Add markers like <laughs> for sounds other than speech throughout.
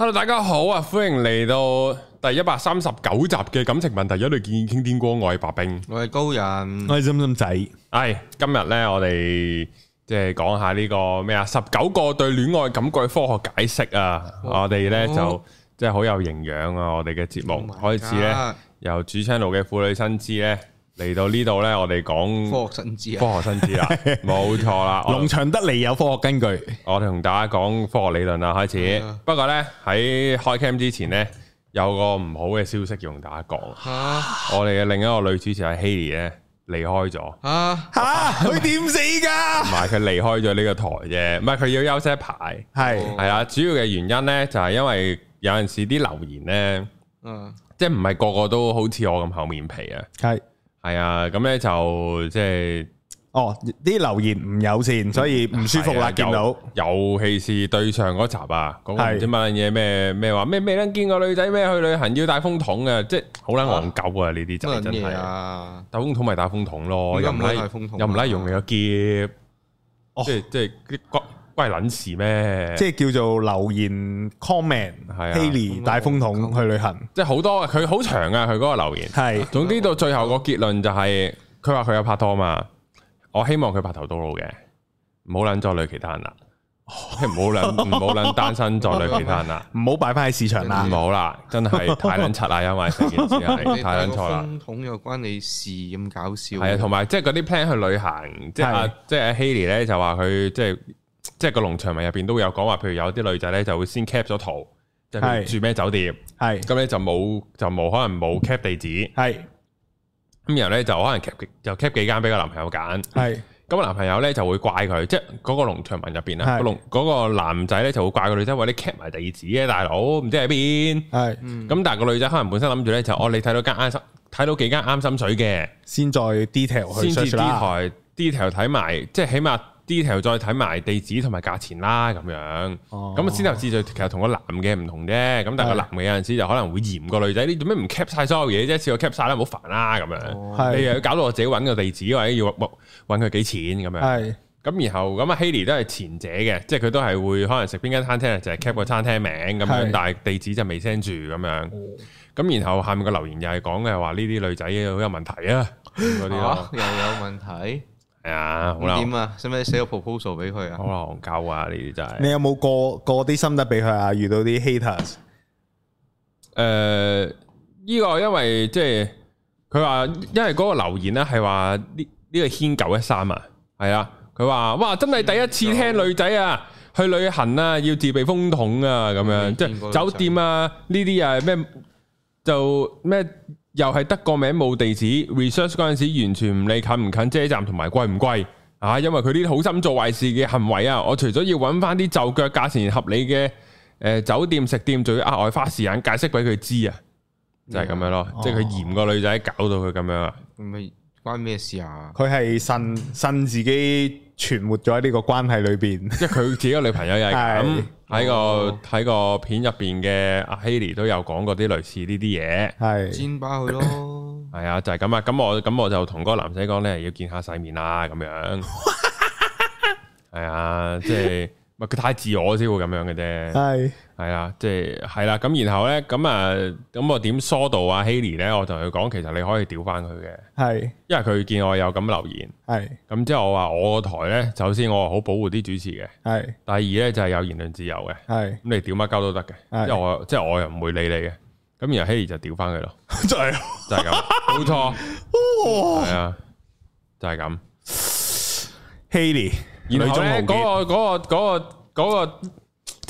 Hello，大家好啊，歡迎嚟到第一百三十九集嘅感情問題，一律建議傾天光，我係白兵，我係高人，我係心心仔，誒，今日咧我哋即係講下呢個咩啊，十九個對戀愛感覺科學解釋啊，我哋咧就即係好有營養啊，我哋嘅節目開始咧，由主唱路嘅婦女新知咧。嚟到呢度呢，我哋講科學新知啊，科學新知啊，冇錯啦。農場得嚟有科學根據，我哋同大家講科學理論啦，開始。不過呢，喺開 cam 之前呢，有個唔好嘅消息要同大家講啊。我哋嘅另一個女主持係 Hailey 咧離開咗啊吓？佢點死噶？唔係佢離開咗呢個台啫，唔係佢要休息一排。係係啊，主要嘅原因呢，就係因為有陣時啲留言呢，即係唔係個個都好似我咁厚面皮啊，係。係啊，咁咧就即係，哦啲留言唔友善，所以唔舒服啦。見到尤其是對上嗰集啊，嗰個唔知做乜嘢咩咩話咩咩咧，見個女仔咩去旅行要帶風筒嘅，即係好撚戇鳩啊！呢啲真係，真係啊，帶風筒咪帶風筒咯，又唔拉，又唔拉用嘅，又夾，即係即係啲骨。係捻事咩？即係叫做留言 comment，係啊 Haley 帶風筒去旅行，即係好多佢好長啊！佢嗰個留言係，總之到最後個結論就係，佢話佢有拍拖嘛。我希望佢拍頭到老嘅，唔好捻再累其他人啦。唔好捻，唔好捻單身再累其他人啦。唔好擺翻喺市場啦。唔好啦，真係太捻柒啦，因為成件事係太捻錯啦。風筒又關你事咁搞笑？係啊，同埋即係嗰啲 plan 去旅行，即係即係阿 Haley 咧就話佢即係。即係個農場文入邊都會有講話，譬如有啲女仔咧就會先 cap 咗圖，即係住咩酒店，係咁咧就冇就冇可能冇 cap 地址，係咁然後咧就可能就 cap 幾間俾個男朋友揀，係咁個男朋友咧就會怪佢，即係嗰個農場文入邊啊。個農嗰個男仔咧就會怪個女仔話你 cap 埋地址嘅大佬，唔知喺邊，係咁但係個女仔可能本身諗住咧就哦你睇到間啱心，睇到幾間啱心水嘅，先再 detail 去 search 啦，detail 睇埋即係起碼。資料再睇埋地址同埋價錢啦，咁樣。咁、哦、先後次序其實同個男嘅唔同啫。咁但係個男嘅有陣時就可能會嫌個女仔，你做咩唔 cap 晒所有嘢啫？全部 cap 晒啦，好煩啦，咁樣。哦、你又要搞到我自己揾個地址，或者要揾佢幾錢咁樣。咁、哦、然後咁啊 Haley 都係前者嘅，即係佢都係會可能食邊間餐廳咧，就係 cap 個餐廳名咁樣，是但係地址就未 send 住咁樣。咁、哦、然後下面個留言又係講嘅話，呢啲女仔好有問題啊，嗰啲咯，又有問題。 <laughs> <laughs> <laughs> 係啊，好難點啊，使唔使寫個 proposal 俾佢啊？好難教啊，呢啲真係。你有冇過過啲心得俾佢啊？遇到啲 haters，誒、呃，呢、這個因為即係佢話，因為嗰個留言咧係話呢呢個牽、這個、九一三啊，係啊，佢話哇，真係第一次聽女仔啊去旅行啊要自備風筒啊，咁樣、嗯、即係過酒店啊呢啲啊咩、啊、就咩。又係得個名冇地址，research 嗰陣時完全唔理近唔近車站同埋貴唔貴啊！因為佢啲好心做壞事嘅行為啊，我除咗要揾翻啲就腳價錢合理嘅、呃、酒店食店，仲要額外花時間解釋俾佢知啊，就係、是、咁樣咯。嗯哦、即係佢嫌個女仔搞到佢咁樣啊？唔關咩事啊？佢係信信自己。存活咗喺呢個關係裏邊，即係佢自己個女朋友又係咁喺個喺、哦、個片入邊嘅阿希尼都有講過啲類似呢啲嘢，係是煎巴佢咯，係啊就係咁啊，咁、就是、我咁我就同嗰個男仔講咧，要見下世面啦咁樣，係 <laughs> 啊，即係咪佢太自我先會咁樣嘅啫，係。 <laughs> 係啦，即係啦，咁、就是、然後呢，咁啊，咁我點疏導啊？Haley 咧，我同佢講，其實你可以屌翻佢嘅，係是，因為佢見我有咁留言，係是，咁之後我話我個台呢，首先我好保護啲主持嘅，係是，第二呢就係、是、有言論自由嘅，係是，咁你屌乜鳩都得嘅，是因為即係、就是、我又唔會理你嘅，咁然後 Haley 就屌翻佢咯， <laughs> 就係就係咁，冇錯，係 <laughs> 啊，就係咁，Haley，然後咧個個個個。那個那個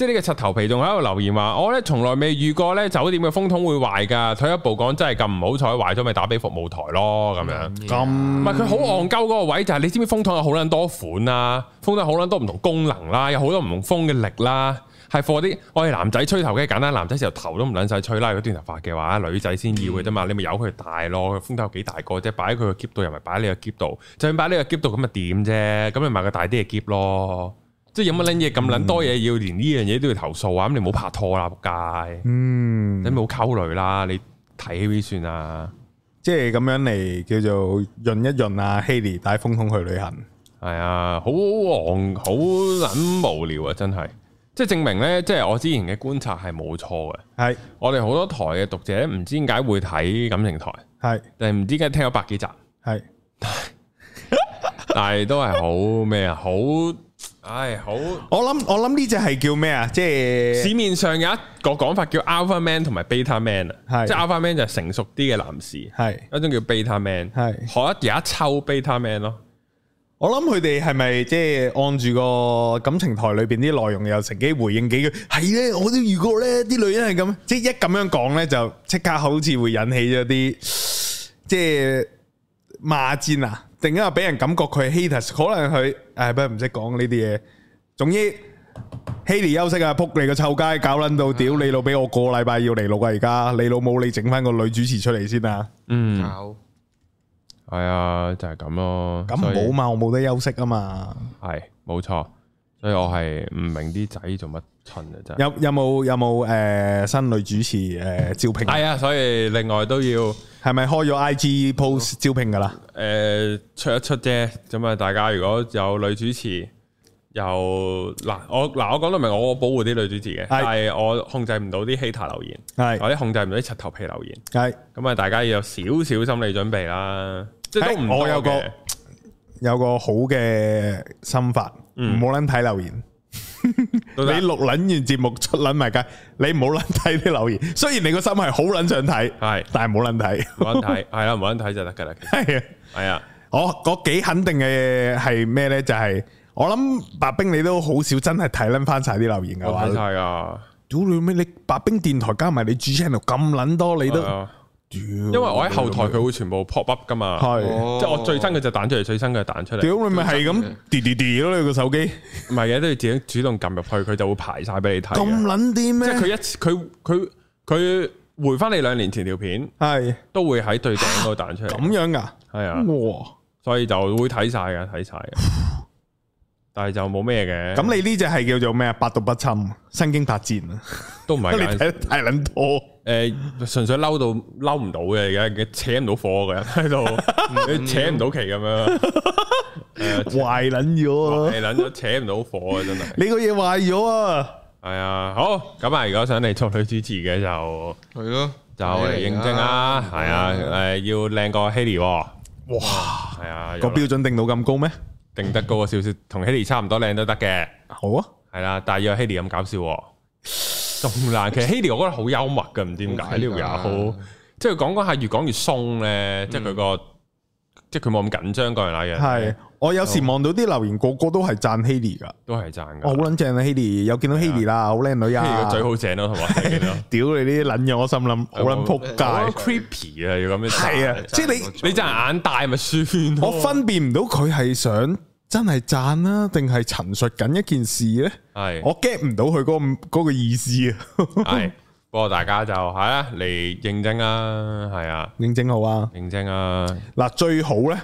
即係呢個柒頭皮仲喺度留言話：我咧從來未遇過咧酒店嘅風筒會壞㗎。退一步講，真係咁唔好彩，壞咗咪打俾服務台咯。咁樣咁唔係佢好戇鳩嗰個位就係、是、你知唔知風筒有好撚多款啊？風筒有好撚多唔同功能啦、啊，有好多唔同的風嘅力啦、啊。係貨啲我哋男仔吹頭梗係簡單，男仔時候頭都唔撚晒吹啦。如果短頭髮嘅話，女仔先要嘅啫嘛。你咪由佢大咯，佢風筒有幾大個啫？擺喺佢個夾度入面，又咪擺喺你個夾度就係擺呢個夾度咁咪點啫？咁咪買個大啲嘅夾咯。即係有乜撚嘢咁撚多嘢要，連呢樣嘢都要投訴啊！咁你唔好拍拖啦，仆街！嗯，你唔好考慮啦，你睇戲算啦、啊！即係咁樣嚟叫做潤一潤啊！希麗帶風筒去旅行，係啊，好忙，好捻無聊啊！真係，即係證明咧，即係我之前嘅觀察係冇錯嘅。係是我哋好多台嘅讀者唔知點解會睇感情台，係是，但係唔知點解聽咗百幾集，係是， <laughs> 但係都係好咩啊，好～唉，好！我諗我諗呢隻係叫咩啊？即係市面上有一個講法叫 Alpha Man 同埋 Beta Man 啊，係即係 Alpha Man 就成熟啲嘅男士，係一種叫 Beta Man，係可一而一抽 Beta Man 咯。我諗佢哋係咪即係按住個感情台裏邊啲內容又乘機回應幾句？係咧，我都遇過咧，啲女人係咁，即係一咁樣講咧，就即刻好似會引起咗啲即係罵戰啊！定係俾人感覺佢係 haters，可能佢。係咩？唔識講呢啲嘢，總之，Henny 休息啊，扑你個臭街，搞撚到屌你老，俾我個禮拜要嚟錄啊！而家你老母，你整翻個女主持出嚟先啊！嗯，係啊，就係咁咯。咁冇嘛，我冇得休息啊嘛。係，冇錯。所以我係唔明啲仔做乜蠢嘅，真有。有有冇有冇誒、呃、新女主持誒招聘？係、呃、 <laughs> 啊，所以另外都要係咪開咗 I G post、呃、招聘噶啦？誒、呃，出一出啫，咁啊，大家如果有女主持，又，嗱我嗱我講得明，我保護啲女主持嘅，是但係我控制唔到啲希 a 留言，係是或者控制唔到啲柒頭皮留言，係咁啊，大家要有少少心理準備啦。即係是都唔、欸、我有個有個好嘅心法。唔好捻睇留言，嗯、 <laughs> 你錄捻完節目出捻埋㗎，你唔好捻睇啲留言。雖然你個心係好捻想睇，係是，但係唔好捻睇，唔好捻睇，係啦， <laughs> 唔好捻睇就得噶啦。係啊，係啊的，的我嗰幾肯定嘅係咩咧？就係、是、我諗白兵，你都好少真係睇捻翻晒啲留言噶，係啊，屌你咩？你白兵電台加埋你主持人度咁捻多，你都。因為我喺後台佢會全部 pop up 噶嘛，係即係我最新嘅只彈出嚟，最新嘅彈出嚟，屌你咪係咁，嘀嘀嘀咯你個手機，唔係嘅，都要自己主動撳入去，佢就會排晒俾你睇。咁撚掂咩？即係佢一佢佢佢回翻你兩年前條片，係都會喺最頂嗰個彈出嚟。咁樣噶，係啊，哇，所以就會睇晒嘅，睇晒，但係就冇咩嘅。咁你呢隻係叫做咩啊？百毒不侵，身經百戰啊，都唔係你睇得太撚多。誒，純粹嬲，到嬲唔到嘅。而家佢扯唔到火嘅喺度，你扯唔到旗咁樣，壞撚咗，係撚咗，扯唔到火啊！真係，你個嘢壞咗啊！係啊，好，咁啊，如果想嚟出去主持嘅就係咯，就嚟應徵啊，係啊，誒，要靚過 Healy，哇，係啊，個標準定到咁高咩？定得高啊，少少，同 Healy 差唔多靚都得嘅，好啊，係啦，但係要 Healy 咁搞笑。仲難，其實 Hedy 我覺得好幽默噶，唔知點解呢度又好，即係講講下越講越鬆咧，即係佢個，即係佢冇咁緊張嗰樣嘢。係，我有時望到啲留言個個都係讚 Hedy 噶，都係讚噶。我好撚正啊，Hedy，又見到 Hedy 啦，好靚女啊。Hedy 個嘴好正咯，同埋，屌你啲撚樣，我心諗好撚仆街，好 creepy 啊！要咁樣係啊，即係你你就係眼大咪算，我分辨唔到佢係想。真係讚啦，定係陳述緊一件事呢？係是我 get 唔到佢嗰個、嗰個意思啊！係， <laughs> 不過大家就係啦，嚟認證啊，係啊，啊認證好啊，認證啊！嗱，最好呢，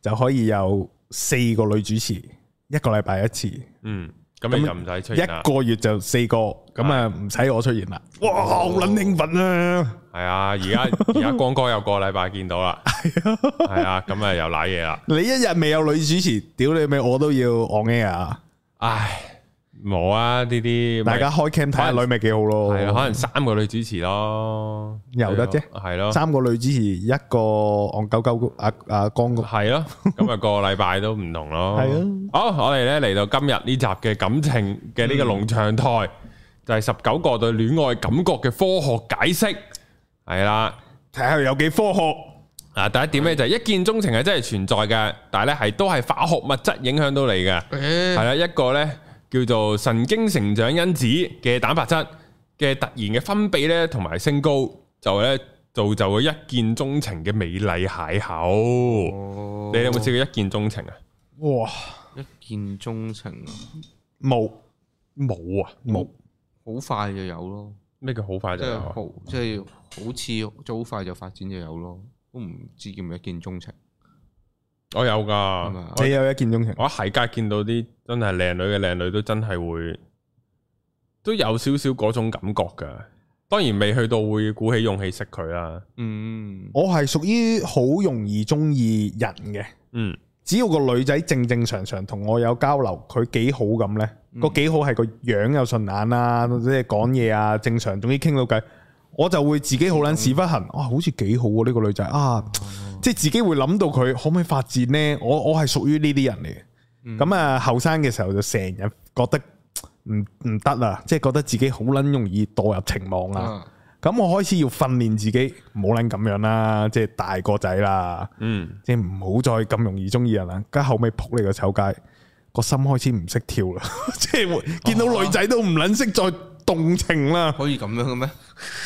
就可以有四個女主持，一個禮拜一次，嗯。咁你就唔使出現啦，一個月就四個，咁啊唔使我出現啦。哇，好捻、哦、興奮啊！係啊，而家而家剛剛又個禮拜見到啦，係 <laughs> 啊，咁啊又瀨嘢啦。你一日未有女主持，屌你咪我都要 on air，啊。唉。冇啊！呢啲大家開 cam 睇下女咪幾好咯，係啊，可能三個女主持咯，有得啫，係咯，三個女主持，一個戇鳩鳩阿阿光哥，係咯，咁啊個個禮拜都唔同咯，係啊，好，我哋咧嚟，到今日呢集嘅感情嘅呢個農場台，就係十九個對戀愛感覺嘅科學解釋，係啦，睇下有幾科學啊！第一點咧就係一見鍾情係真係存在嘅，但係咧係都係化學物質影響到你嘅，係啦，一個咧。叫做神經成長因子嘅蛋白質嘅突然嘅分泌咧，同埋升高就咧，造就咗一見鍾情嘅美麗邂逅。哦、你有冇試過一見鍾情、哦、見鍾情啊？哇！一見鍾情啊冇、冇、啊冇，好快就有咯。咩叫好快就有？即係、就是、好即係、就是、好似好快就發展就有咯。都唔知叫唔係一見鍾情。我有噶，你有一見鐘情。我喺街見到啲真係靚女嘅靚女都，都真係會都有少少嗰種感覺嘅。當然未去到會鼓起勇氣識佢啦。嗯，我係屬於好容易中意人嘅。嗯，只要個女仔正正常常同我有交流，佢幾好咁呢。個幾好係個樣又順眼啦、啊，或者係講嘢啊正常，總之傾到偈，我就會自己好撚屎忽痕。哇、嗯啊，好似幾好啊呢、呢個女仔啊！啊即係自己會諗到佢可唔可以發展呢？我我係屬於呢啲人嚟嘅。咁啊、嗯，後生嘅時候就成日覺得唔唔得啦，即係覺得自己好捻容易墮入情網啦。咁、啊、我開始要訓練自己，唔好捻咁樣啦。即係大個仔啦，嗯，即係唔好再咁容易中意人啦。咁後尾扑你個丑街，個心開始唔識跳啦。 <laughs> 即係見到女仔都唔捻識再動情啦。可以咁樣嘅咩？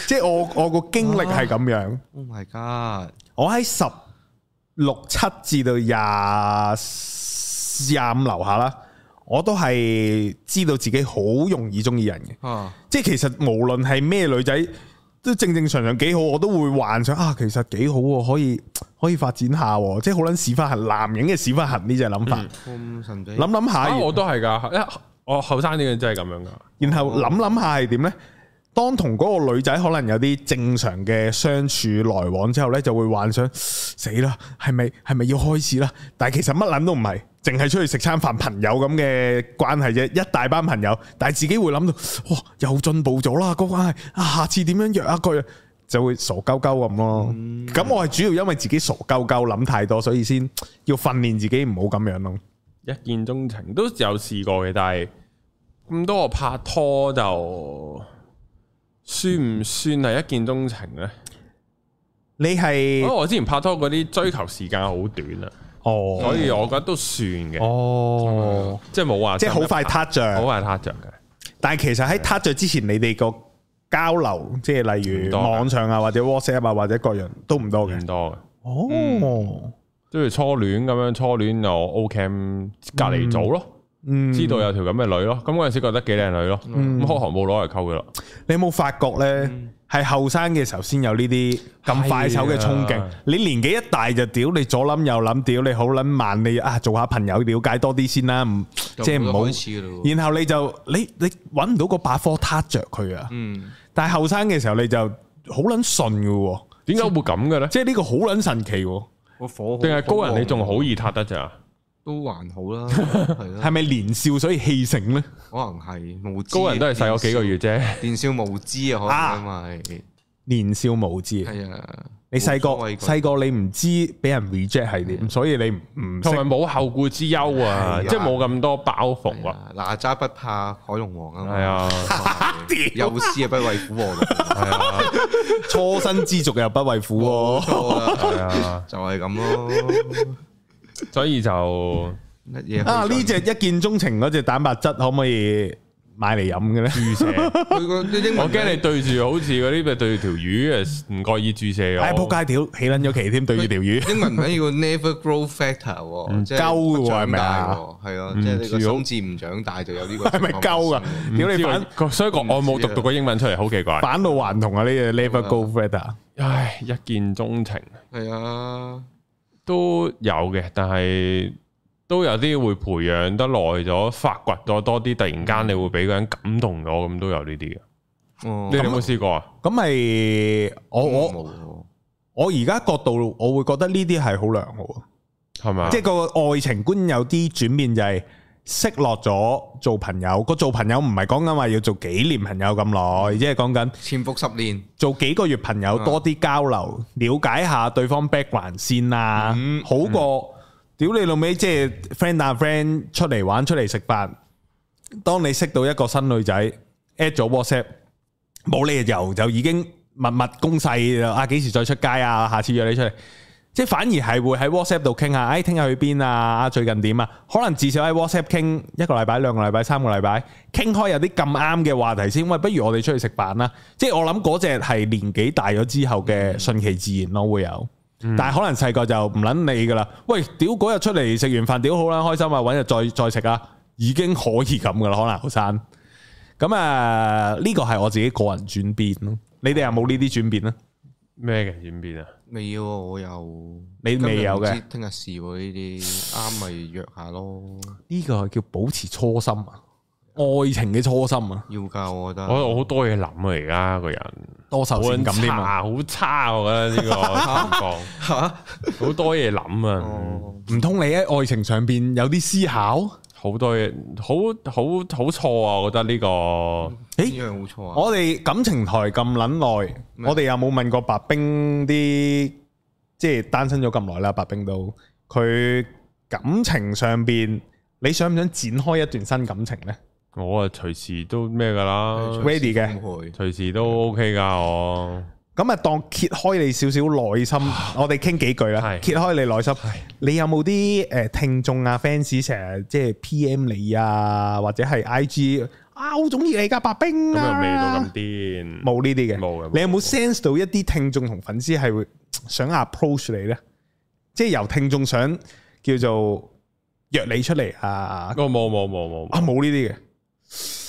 即係我我個經歷係咁樣。Oh my god！我喺十六七至到廿四廿五樓下啦，我都係知道自己好容易中意人嘅，啊、即係其實無論係咩女仔都正正常常幾好，我都會幻想啊，其實幾好可以可以發展下，即係好捻屎忽痕，男人嘅屎忽痕呢隻諗法，諗諗下，我都係噶，我後生呢樣真係咁樣噶，然後諗諗下係點呢？當同嗰個女仔可能有啲正常嘅相處來往之後呢，就會幻想死啦，係咪係咪要開始啦？但係其實乜諗都唔係，淨係出去食餐飯，朋友咁嘅關係啫，一大班朋友，但係自己會諗到，哇，又進步咗啦個關係，啊，下次點樣約啊佢，就會傻鳩鳩咁咯。咁、嗯、我係主要因為自己傻鳩鳩諗太多，所以先要訓練自己唔好咁樣咯。一見鐘情都有試過嘅，但係咁多個拍拖就。算唔算係一見鐘情咧？你係是、哦，我之前拍拖嗰啲追求時間好短啊，哦，所以我覺得都算嘅，哦，即係冇話，即係好快撻着，好快撻着。嘅。但係其實喺撻着之前，對 你哋個交流，即係例如網上啊，或者 WhatsApp 啊，或者各樣都唔多嘅，唔多嘅，哦，即係、嗯就是、初戀咁樣，初戀就 OK 隔籬坐咯、嗯。知道有條咁嘅女咯，咁嗰陣時覺得幾靚女咯，咁開行冇攞嚟溝噶啦。你有冇發覺咧？係後生嘅時候先有呢啲咁快手嘅衝勁，你年紀一大就屌，你左諗右諗屌，你好捻慢，你啊做下朋友了解多啲先啦，唔即係唔好。然後你就你你搵唔到個百科撻著佢啊。嗯，但係後生嘅時候你就好捻順噶，點解會咁嘅咧？即係呢個好捻神奇喎，定係高人你仲好易撻得咋？都還好啦，係咯？係咪年少所以氣盛咧？可能係無知，高人都係細我幾個月啫。年少無知啊，可能因為年少無知。係啊，你細個細個你唔知俾人 reject 係點，所以你唔同埋冇後顧之憂啊，即係冇咁多包袱啊。哪吒不怕海龍王啊，係啊，有師啊不畏虎啊，初生之犢又不畏虎啊，就係咁咯。所以就乜嘢啊？呢隻一見鍾情嗰隻蛋白質可唔可以買嚟飲嘅咧？注射我驚你對住好似嗰啲咪對住條魚啊？唔介意注射啊？大仆街屌起卵咗期添，對住條魚。英文名叫 Never grow factor，即係鳩係咪啊？係咯，即係個數唔長大就有呢個係咪鳩噶？屌你反，所以講我冇讀讀個英文出嚟，好奇怪。返老還童啊！呢個 Never grow factor，唉，一見鍾情係啊。都有嘅，但係都有啲會培養得耐咗，發掘多多啲，突然間你會俾個人感動咗，咁都有呢啲嘅。嗯、你有冇試過啊？咁咪、嗯嗯、我我我而家角度我會覺得呢啲係好良好，係咪啊？即係個愛情觀有啲轉變就係、是。識落咗做朋友，個做朋友唔係講緊話要做幾年朋友咁耐，即係講緊潛伏十年，做幾個月朋友多啲交流，了解下對方 background 先啦，好過屌你老味即係 friend 搭 friend 出嚟玩出嚟食飯。當你識到一個新女仔，at 咗 WhatsApp 冇理由就已經密密攻勢啊，幾時再出街啊？下次約你出嚟。即係反而係會喺 WhatsApp 度傾下，哎，聽日去邊啊？最近點啊？可能至少喺 WhatsApp 傾一個禮拜、兩個禮拜、三個禮拜，傾開有啲咁啱嘅話題先。喂，不如我哋出去食飯啦！即係我諗嗰隻係年紀大咗之後嘅順其自然咯，啊，會有。但係可能細個就唔諗你噶啦。喂，屌嗰日出嚟食完飯屌好啦，開心啊！搵日再再食啊！已經可以咁噶啦，可能後生。咁啊，呢個係我自己個人轉變咯。你哋有冇呢啲轉變咧？咩嘅轉變啊？未要，我又你未有嘅，聽日試呢啲啱咪約下咯。呢個係叫保持初心啊，愛情嘅初心啊，要噶我覺得。我我好多嘢諗啊，而家個人多愁善感添啊，好差我覺得呢、這個，好多嘢諗啊，唔通、啊、 <laughs> 你喺愛情上邊有啲思考？好多嘢好好好錯啊！我覺得呢、呢個誒，欸、我哋感情台咁捻耐，麼我哋有冇問過白兵啲，即係單身咗咁耐啦。白兵都佢感情上面，你想唔想展開一段新感情咧？我啊，隨時都咩㗎啦，ready 嘅，隨時都 OK 㗎我。咁啊，當揭開你少少內心，唉我哋傾幾句啦。揭開你內心，唉你有冇啲誒聽眾啊 fans 成日即係 PM 你啊，或者係 IG 啊好中意你噶白兵啊，未到咁癲，冇呢啲嘅。冇，你有冇 sense 到一啲聽眾同粉絲係會想 approach 你咧？即係由聽眾想叫做約你出嚟啊？哦，冇冇冇冇啊，冇呢啲嘅。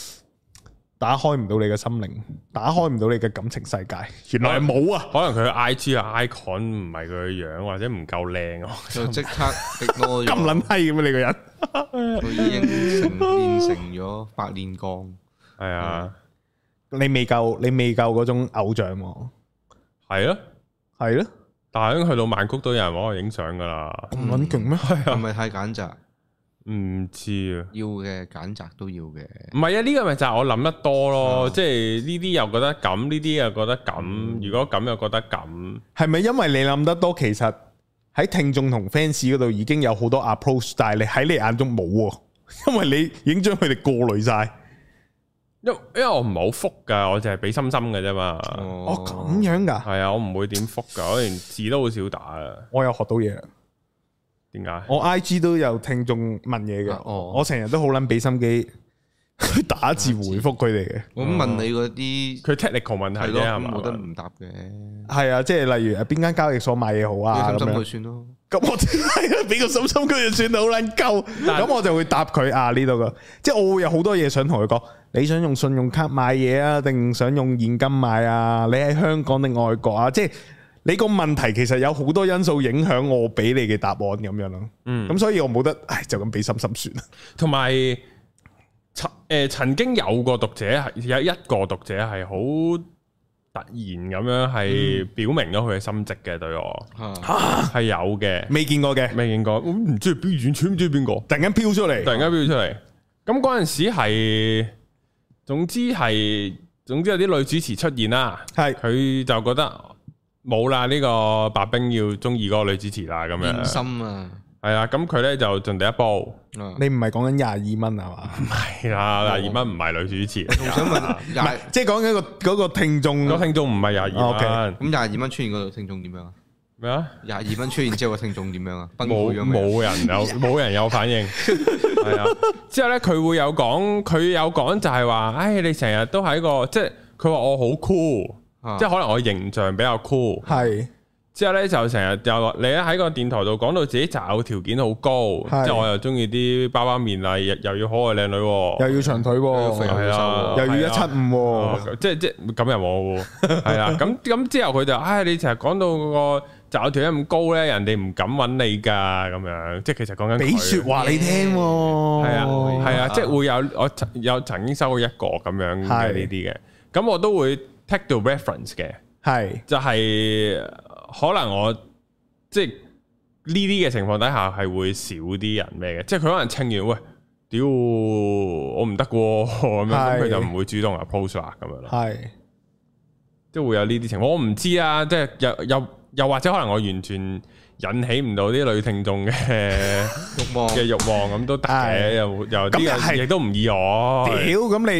打開唔到你嘅心靈，打開唔到你嘅感情世界，原來冇啊！可能佢 I G 啊 icon 唔係佢嘅樣，或者唔夠靚啊。就即刻咁卵閪咁你個人？佢已經成練成咗百煉鋼，係啊！你未夠，你未夠嗰種偶像喎。係啊，係咯。但係已經去到曼谷都有人搵我影相噶啦。咁卵勁咩？係咪太簡潔？唔知啊，要嘅揀擇都要嘅，唔係啊，呢個咪就係我諗得多咯，哦、即係呢啲又覺得咁，呢啲又覺得咁，嗯、如果咁又覺得咁，係咪因為你諗得多？其實喺聽眾同 fans 嗰度已經有好多 approach，但係喺你眼中冇啊，因為你已經將佢哋過濾晒。因因為我唔係好覆噶，我就係俾心心噶啫嘛。哦，咁、哦、樣噶？係啊，我唔會點覆噶，我連字都好少打啊。我有學到嘢。點解？我 I G 都有聽眾問嘢嘅，啊哦、我成日都好撚俾心機打字回覆佢哋嘅。我、嗯、問你嗰啲，佢 technical、哦、問題咧係嘛？冇得唔答嘅。係啊，即係例如啊，邊間交易所買嘢好啊咁樣算咯。咁我係啊，俾 <laughs> 個心心佢就算好撚夠。咁是我就會答佢啊呢度噶，即係我會有好多嘢想同佢講。你想用信用卡買嘢啊，定想用現金買啊？你喺香港定外國啊？即係。你個問題其實有好多因素影響我俾你嘅答案咁樣咯，咁、嗯、所以我冇得，唉，就咁俾心心算。同埋曾誒、呃，曾經有個讀者係有一個讀者係好突然咁樣係表明咗佢嘅心跡嘅對我吓係、嗯、有嘅，未、啊、見過嘅，未見過，唔知邊完全唔知邊個，個突然間飄出嚟，突然間飄出嚟。咁嗰陣時係，總之係總、總之有啲女主持出現啦，係佢是是就覺得。冇啦，呢、這個白兵要中意嗰個女主持啦，咁樣。心啊，係啊，咁佢咧就進第一波。你唔係講緊廿二蚊係嘛？唔係啊，廿二蚊唔係女主持。仲想問，唔即係講緊個嗰個聽眾， <laughs> Okay. 個聽眾唔係廿二蚊。咁廿二蚊出現度聽眾點樣啊？咩啊？廿二蚊出現之後個聽眾點樣啊？冇冇麼 <laughs> 人有冇 <laughs> 人有反應？係 <laughs> 啊。之後咧佢會有講，佢有講就係話，哎，你成日都喺個即係，佢話我好 cool。即係可能我形象比較酷。係之後咧就成日就你咧喺個電台度講到自己擇偶條件好高，即係我又中意啲包包面啊，又要可愛靚女，又要長腿，係又要一七五，即係即係咁又冇，係啊，咁咁之後佢就唉，你成日講到嗰個擇偶條件咁高咧，人哋唔敢揾你噶，咁樣即係其實講緊俾說話你聽，係啊係啊，即係會有我有曾經收過一個咁樣嘅呢啲嘅，咁我都會。check 到 reference 嘅是，係就係可能我即係呢啲嘅情況底下係會少啲人咩嘅，即係佢可能聽完喂，屌、欸、我唔得嘅，咁樣咁佢是就唔會主動 approach 啦咁樣咯，係即係會有呢啲情況，我唔知啊，即係又又又或者可能我完全引起唔到啲女聽眾嘅欲望嘅欲 <laughs> 望咁都得嘅，又又啲人亦都唔意我屌咁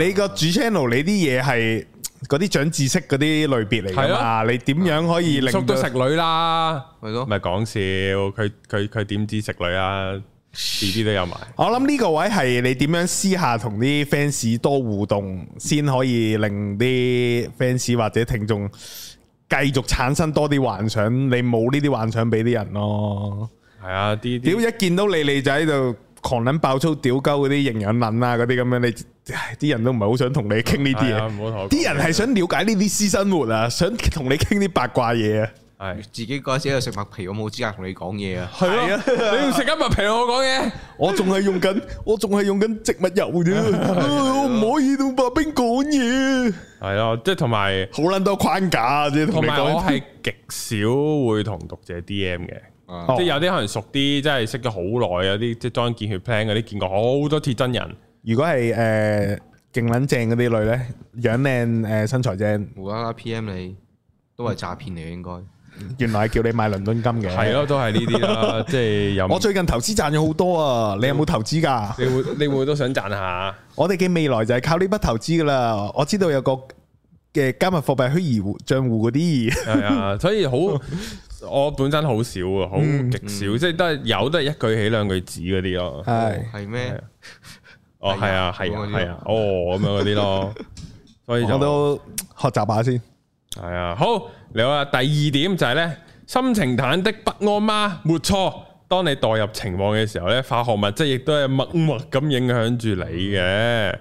你你個主 channel 你啲嘢係。嗰啲長知識嗰啲類別嚟嘅嘛？啊、你點樣可以令到食女啦？咪講、啊、笑，佢佢佢點知食女啊？遲啲都有埋。我諗呢個位係你點樣私下同啲 fans 多互動，先可以令啲 fans 或者聽眾繼續產生多啲幻想。你冇呢啲幻想俾啲人咯。係啊，啲屌一見到你你仔就。狂捻爆粗屌鳩嗰啲營養捻啊，嗰啲咁樣，你啲人都唔係好想同你傾呢啲嘢。啲、啊、人係想了解呢啲私生活啊，想同你傾啲八卦嘢啊。係自己嗰時喺度食麥皮，我冇資格同你講嘢啊。係啊，你要食緊麥皮，我講嘢。我仲係用緊，我仲係用緊植物油啫、啊。啊啊啊、我唔可以同白兵講嘢。係啊，即係同埋好捻多框架啫、啊。同你我係極少會同讀者 D M 嘅。哦、即係有啲可能熟啲，即係識咗好耐，有啲即係裝見血 plan 嗰啲，見過好多鐵真人。如果係誒勁撚正嗰啲女咧，樣靚誒，身材正無啦啦。P.M. 你都係詐騙嚟，應該原來係叫你買倫敦金嘅。係咯、 <laughs> 啊，都係呢啲啦。即係 <laughs> 有我最近投資賺咗好多啊！ <laughs> 你有冇投資噶？你會你會都想賺下？ <laughs> 我哋嘅未來就係靠呢筆投資噶啦。我知道有個嘅加密貨幣虛擬賬戶嗰啲，係啊，所以好。我本身好少啊，好極少，即係都係有，都係一句起兩句止嗰啲咯。係係咩？哦，係啊，係啊，係啊，哦咁樣嗰啲咯。所以我都學習下先。係啊，好嚟啦。第二點就係咧，心情忐忑不安嘛，沒錯。當你墮入情網嘅時候咧，化學物質亦都係默默咁影響住你嘅。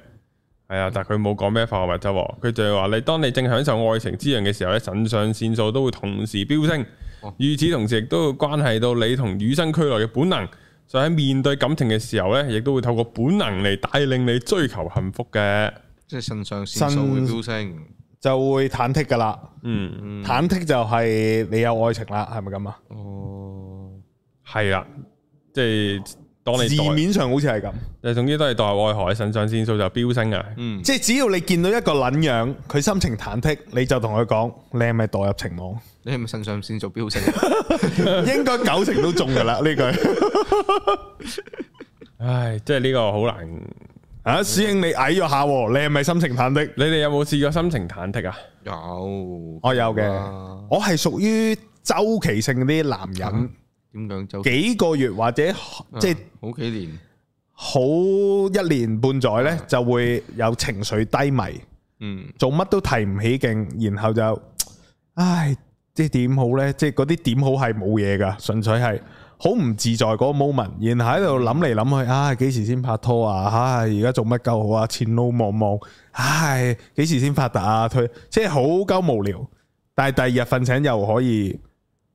係啊，但係佢冇講咩化學物質，佢就係話你當你正享受愛情滋潤嘅時候咧，腎上腺素都會同時飆升。與此同時，亦都會關係到你同與生俱來嘅本能，就喺面對感情嘅時候咧，亦都會透過本能嚟帶領你追求幸福嘅。即係腎上腺素會飆升，就會忐忑噶啦。嗯，忐忑就係你有愛情啦，係咪咁啊？哦、嗯，係啊，即、就、係、是。嗯字面上好似係咁，誒，總之都係墮入愛河，腎上腺素就飆升噶。嗯，即係只要你見到一個撚樣，佢心情忐忑，你就同佢講，你係咪墮入情網？你係咪腎上腺素飆升？ <laughs> 應該九成都中噶啦呢句。 <laughs> <laughs> 唉，即係呢個好難。嗯、啊，師兄你矮咗下，你係咪心情忐忑？你哋有冇試過心情忐忑啊？有，我有嘅，我係屬於周期性啲男人。嗯 <laughs> 點講就幾個月或者即係好幾年，好一年半載咧，就會有情緒低迷。嗯，做乜都提唔起勁，然後就唉，即係點好咧？即係嗰啲點好係冇嘢噶，純粹係好唔自在嗰個 moment，然後喺度諗嚟諗去，唉，幾時先拍拖啊？唉，而家做乜夠好啊？前路茫茫，唉，幾時先發達啊？佢即係好鳩無聊，但係第二日瞓醒又可以。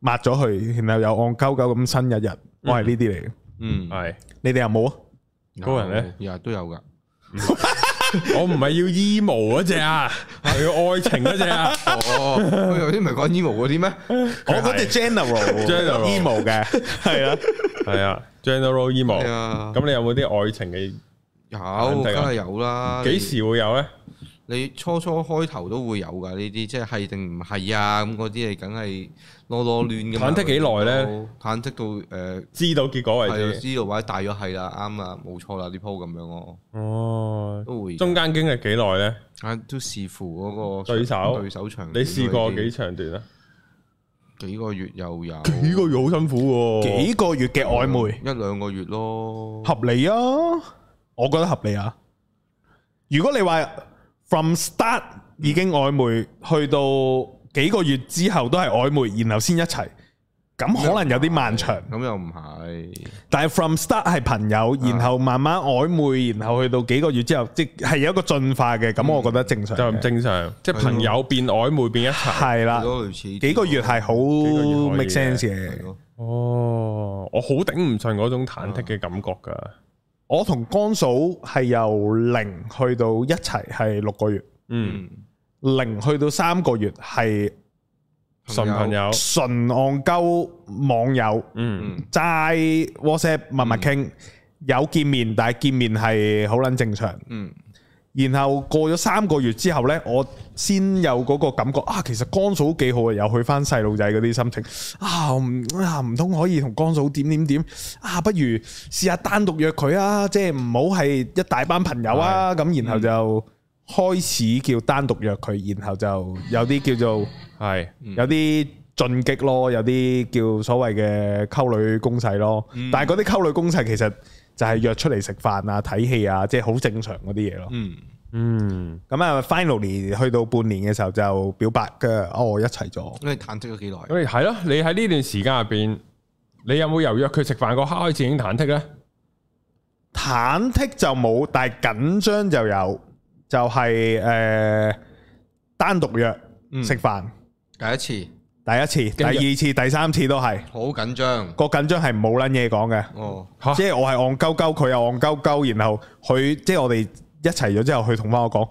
抹咗佢，然後又按勾勾咁新一日，我係呢啲嚟嘅。嗯，係你哋有冇啊？個人咧，日日都有噶我唔係要 emo 嗰隻啊，係要愛情嗰隻啊。哦，我頭先唔係講 emo 嗰啲咩？我嗰隻 general general emo 嘅，係啊，係啊，general emo。咁你有冇啲愛情嘅？有，梗係有啦。幾時會有咧？你初初開頭都會有噶呢啲，即係定唔係啊？咁嗰啲係梗係。忐忑幾耐咧？忐忑到誒，呃、知道結果為止，知道的或者大約係啦，啱啦，冇錯啦，呢鋪咁樣哦。哦，都會中間經歷幾耐咧？都視乎嗰個對手對手長。你試過幾長段啊？幾個月又有？幾個月好辛苦喎、啊！幾個月嘅曖昧，嗯、一兩個月咯，合理啊！我覺得合理啊！如果你話 from start 已經曖昧去到。幾個月之後都係曖昧，然後先一齊，咁可能有啲漫長。咁又唔係，但係 from start 係朋友，然後慢慢曖昧，然後去到幾個月之後，即係有一個進化嘅，咁我覺得正常。就咁正常，即係朋友變曖昧變一齊，係啦，幾個月係好 make sense 嘅。哦，我好頂唔順嗰種忐忑嘅感覺噶。我同江嫂係由零去到一齊係六個月。嗯。零去到三個月係純朋友，純憨鳩網友，嗯，齋 WhatsApp 默默傾，有見面，但係見面係好撚正常，嗯。然後過咗三個月之後呢，我先有嗰個感覺啊，其實江嫂幾好啊，有去返細路仔嗰啲心情啊，唔啊唔通可以同江嫂點點點啊？不如試下單獨約佢啊，即係唔好係一大班朋友啊，咁然後就。開始叫單獨約佢，然後就有啲叫做係，嗯、有啲進擊咯，有啲叫所謂嘅溝女攻勢咯。嗯、但係嗰啲溝女攻勢其實就係約出嚟食飯啊、睇戲啊，即係好正常嗰啲嘢咯。嗯嗯，咁啊、嗯，finally 去到半年嘅時候就表白噶。哦，一齊咗。咁你忐忑咗幾耐？喂，係咯，你喺呢段時間入邊，你有冇由約佢食飯嗰刻開始已經忐忑咧？忐忑就冇，但係緊張就有。就係、是、誒、呃，單獨約食飯，嗯、飯第一次，第一次，張第二次，張第三次都係好緊張，緊張個緊張係冇捻嘢講嘅，哦，即係我係戇鳩鳩，佢又戇鳩鳩，然後佢即係我哋一齊咗之後，佢同翻我講，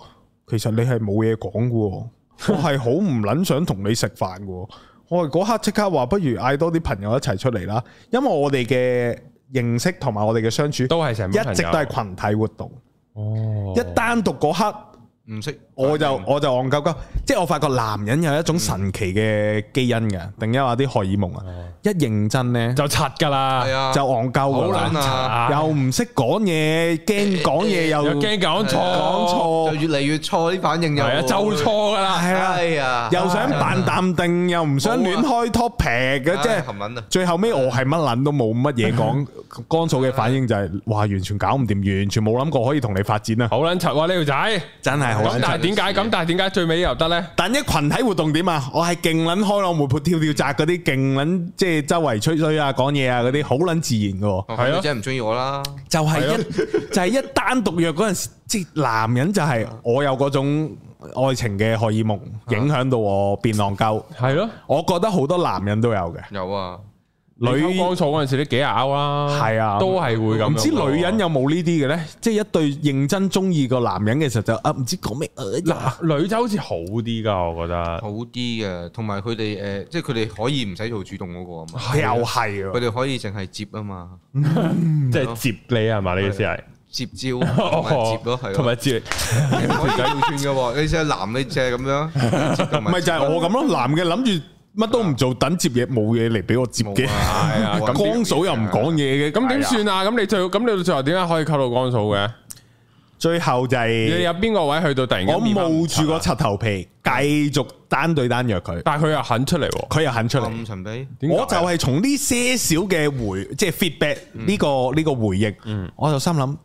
其實你係冇嘢講嘅，我係好唔捻想同你食飯嘅， <laughs> 我係嗰刻即刻話，不如嗌多啲朋友一齊出嚟啦，因為我哋嘅認識同埋我哋嘅相處都係成一直都係群體活動。 <noise> 一單獨嗰刻。唔識，我就我就戇鳩鳩，即係我發覺男人有一種神奇嘅基因噶，定係話啲荷爾蒙啊，一認真咧就柒噶啦，就戇鳩好撚柒，又唔識講嘢，驚講嘢又驚講錯，講錯越嚟越錯啲反應又就錯噶啦，係啊，又想扮淡定，又唔想亂開 topic 嘅，即係琴日啊，最後尾我係乜撚都冇乜嘢講，乾燥嘅反應就係哇，完全搞唔掂，完全冇諗過可以同你發展啊，好撚柒哇呢條仔，真係。咁但係點解咁？但係點解最尾又得咧？但係一群體活動點啊？我係勁捻開朗活潑跳跳紮嗰啲勁捻，即係周圍吹，吹吹啊、講嘢啊嗰啲，好捻自然噶。係、哦、啊，即係唔中意我啦。 <laughs> 就係一就係一單獨約嗰陣時，即男人就係我有嗰種愛情嘅荷爾蒙，影響到我變浪鳩。係咯、啊，我覺得好多男人都有嘅。有啊。女幫手嗰陣時都幾拗係啊，都係會咁。唔知女人有冇呢啲嘅咧？即係一對認真中意個男人嘅時候就啊，唔知講咩嗱，女仔好似好啲噶，我覺得好啲嘅，同埋佢哋誒，即係佢哋可以唔使做主動嗰個啊嘛，又係，佢哋可以淨係接啊嘛，即係接你係嘛你意思係接招同埋接咯，係同埋接唔使要穿噶，你識男你即係咁樣，唔係就係我咁咯，男嘅諗住。乜都唔做，等接嘢冇嘢嚟俾我接嘅，光嫂又唔講嘢嘅，咁點算啊？咁你最咁你最後點解可以溝到光嫂嘅？最後就係你有邊個位去到突然間？我冒住個柒頭皮，繼續單對單約佢，但係佢又肯出嚟，佢又肯出嚟。咁神秘？我就係從呢些少嘅回，即係 feedback 呢個呢個回應，我就心諗，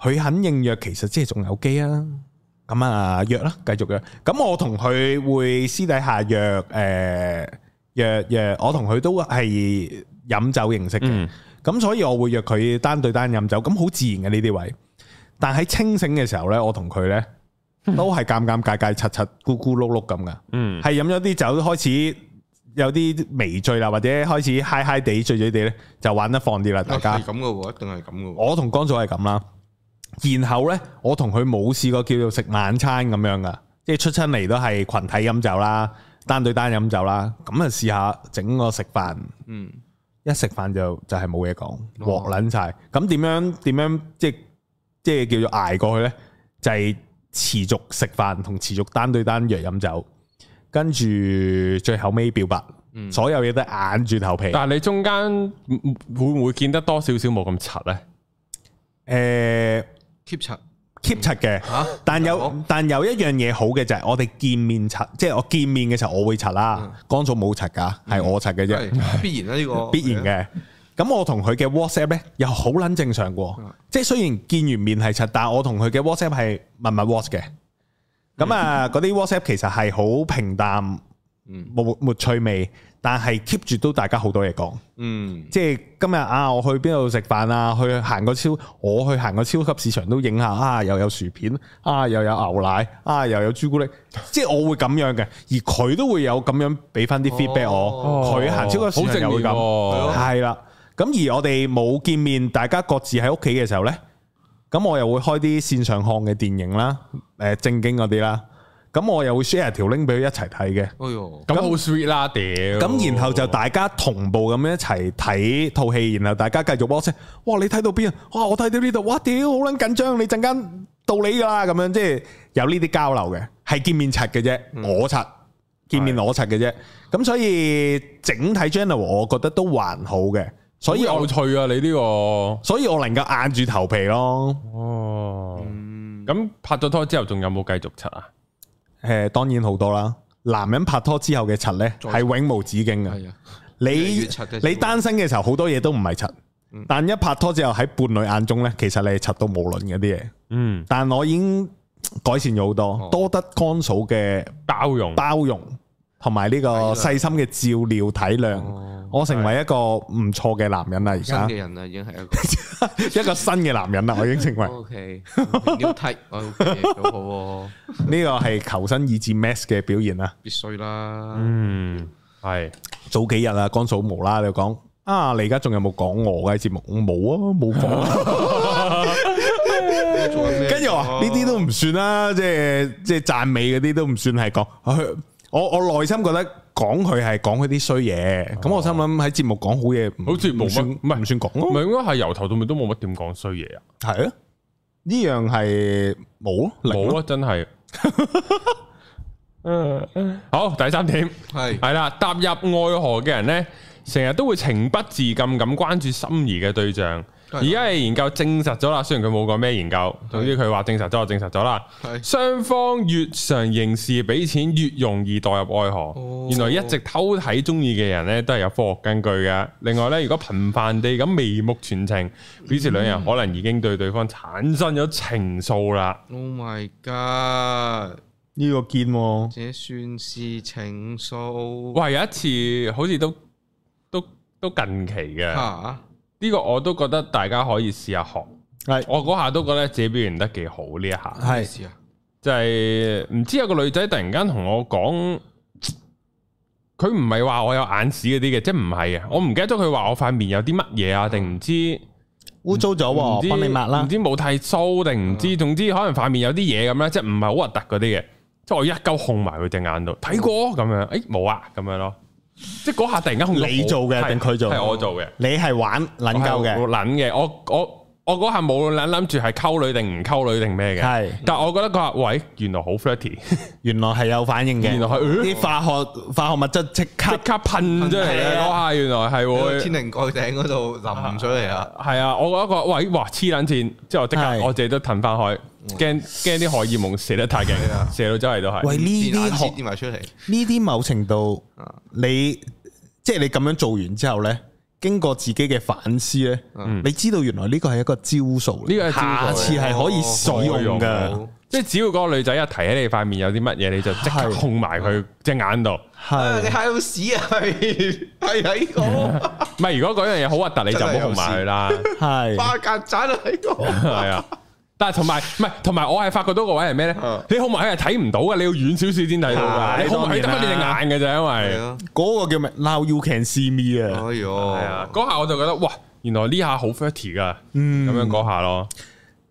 佢肯應約，其實即係仲有機啊。咁啊約啦，繼續約。咁我同佢會私底下約，誒約約。我同佢都係飲酒認識嘅，咁所以我會約佢單對單飲酒，咁好自然嘅呢啲位。但喺清醒嘅時候咧，我同佢咧都係尷尷尬尬、擦擦咕咕碌碌咁㗎。嗯，係飲咗啲酒，開始有啲微醉啦，或者開始嗨嗨地醉醉地咧，就玩得放啲啦。大家咁嘅喎，一定係咁嘅。我同江總係咁啦。然後呢，我同佢冇試過叫做食晚餐咁樣噶，即係出親嚟都係群體飲酒啦，單對單飲酒啦。咁啊試下整個食飯，嗯，一食飯就就係冇嘢講，鑊捻晒。咁點樣、哦、點樣即係叫做捱過去呢？就係、係、持續食飯同持續單對單約飲酒，跟住最後尾表白，所有嘢都硬住頭皮。嗯、但係你中間會唔會見得多少少冇咁柒呢？誒、呃。keep 擦 keep 擦嘅，但有但有一樣嘢好嘅就係我哋見面擦，即係我見面嘅時候我會擦啦，光速冇擦噶，係我擦嘅啫，必然啦呢個必然嘅，咁我同佢嘅 WhatsApp 咧，又好捻正常㗎，即係雖然見完面係擦，但我同佢嘅 WhatsApp 係密密 WhatsApp 嘅，咁啊嗰啲 WhatsApp 其實係好平淡，冇冇趣味。但係 keep 住都大家好多嘢講，嗯，即係今日啊，我去邊度食飯啊，去行個超，我去行個超級市場都影下，啊，又有薯片，啊，又有牛奶，啊，又有朱古力，即係我會咁樣嘅，而佢都會有咁樣俾翻啲 feedback 我，佢、哦、行超級市場、哦、又會咁，係啦，咁而我哋冇見面，大家各自喺屋企嘅時候呢，咁我又會開啲線上看嘅電影啦，誒，正經嗰啲啦。咁我又會 share 條 link 俾佢一齊睇嘅。哎呦，咁好 sweet 啦！屌，咁然後就大家同步咁樣一齊睇套戲，然後大家繼續 WhatsApp。哇！你睇到邊啊？哇！我睇到呢度，哇！屌，好撚緊張！你陣間到你噶啦，咁樣即係、就是、有呢啲交流嘅，係見面柒嘅啫，我柒，嗯、見面我柒嘅啫。咁的所以整體 general，我覺得都還好嘅。所以有，有趣啊！你呢、這個，所以我能夠硬住頭皮咯。哦，咁拍咗拖之後仲有冇繼續柒啊？誒，當然好多啦！男人拍拖之後嘅柒咧，係永無止境㗎。你你單身嘅時候，好多嘢都唔係柒，但一拍拖之後喺伴侶眼中咧，其實你係柒到無論嘅啲嘢。嗯，但我已經改善咗好多，多得干嫂嘅包容包容。同埋呢個細心嘅照料體諒，哦、我成為一個唔錯嘅男人啦而家。新嘅人啦，已經係一個 <laughs> 一個新嘅男人啦，我已經成為。O K，挑剔，O K，好好、啊。呢個係求生意志 mass 嘅表現須啦，必須啦。嗯，係早是幾日啊，江嫂無啦啦講啊，你而家仲有冇講我嘅節目？冇啊，冇講、啊。跟住話呢啲都唔算啦，即係即係讚美嗰啲都唔算係講。哎我我內心覺得講佢係講佢啲衰嘢，咁我心諗喺節目講好嘢，好似冇乜，唔係唔算講咯，唔係應該係由頭到尾都冇乜點講衰嘢啊？係啊，呢樣係冇，冇啊，真係，嗯，好，第三點係係啦，踏入愛河嘅人呢，成日都會情不自禁咁關注心儀嘅對象。而家係研究證實咗啦，雖然佢冇講咩研究，是總之佢話證實咗就證實咗啦。雙是方越常凝視，俾錢越容易代入愛河。哦、原來一直偷睇中意嘅人咧，都係有科學根據嘅。另外咧，如果頻繁地咁眉目傳情，表示兩人可能已經對對方產生咗情愫啦、嗯。Oh my god！呢個堅喎、哦，這算是情愫。哇，有一次好似都都，都，都近期嘅。啊呢個我都覺得大家可以試下學，係是我嗰下都覺得自己表現得幾好呢一下，係是就係唔知有個女仔突然間同我講，佢唔係話我有眼屎嗰啲嘅，即係唔係啊，我唔記得咗佢話我塊面有啲乜嘢啊，定唔知污糟咗，粉面物啦，唔知冇剃鬚定唔知，總之可能塊面有啲嘢咁咧，即係唔係好核突嗰啲嘅，即係我一鳩控埋佢隻眼度，睇過咁樣，誒、欸、冇啊，咁樣咯。即係嗰下突然間，你做嘅定佢做？係我做嘅，你係玩捻夠嘅，捻嘅。我我我嗰下冇捻諗住係溝女定唔溝女定咩嘅？係，但係我覺得佢話，喂，原來好 flirty，原來係有反應嘅，原來係啲化學化學物質即刻即刻噴出嚟啦。哇，原來係會天靈蓋頂嗰度淋淋水嚟啊！係啊，我覺得個喂，哇，黐捻線，之後即刻我自己都褪翻去。驚驚啲荷爾蒙射得太勁，射到周圍都係。喂，呢啲學掂埋出嚟，呢啲某程度，你即係你咁樣做完之後咧，經過自己嘅反思咧，你知道原來呢個係一個招數，呢個係下次係可以使用噶。即係只要嗰個女仔一提起你塊面有啲乜嘢，你就即刻控埋佢隻眼度。係你喺度屎啊！係係喺個，唔係如果嗰樣嘢好核突，你就唔好控埋佢啦。係花格仔啊！呢個係啊。但同埋，唔係同埋，我係發覺到個位係咩咧？啊、你望埋係睇唔到嘅，你要遠少少先睇到嘅。你望埋係乜你隻眼嘅啫？因為嗰、啊、個叫咩？Now you can see me、哎、呦啊！係啊，嗰下我就覺得哇，原來呢下好 fatty 噶，咁、嗯、樣嗰下咯。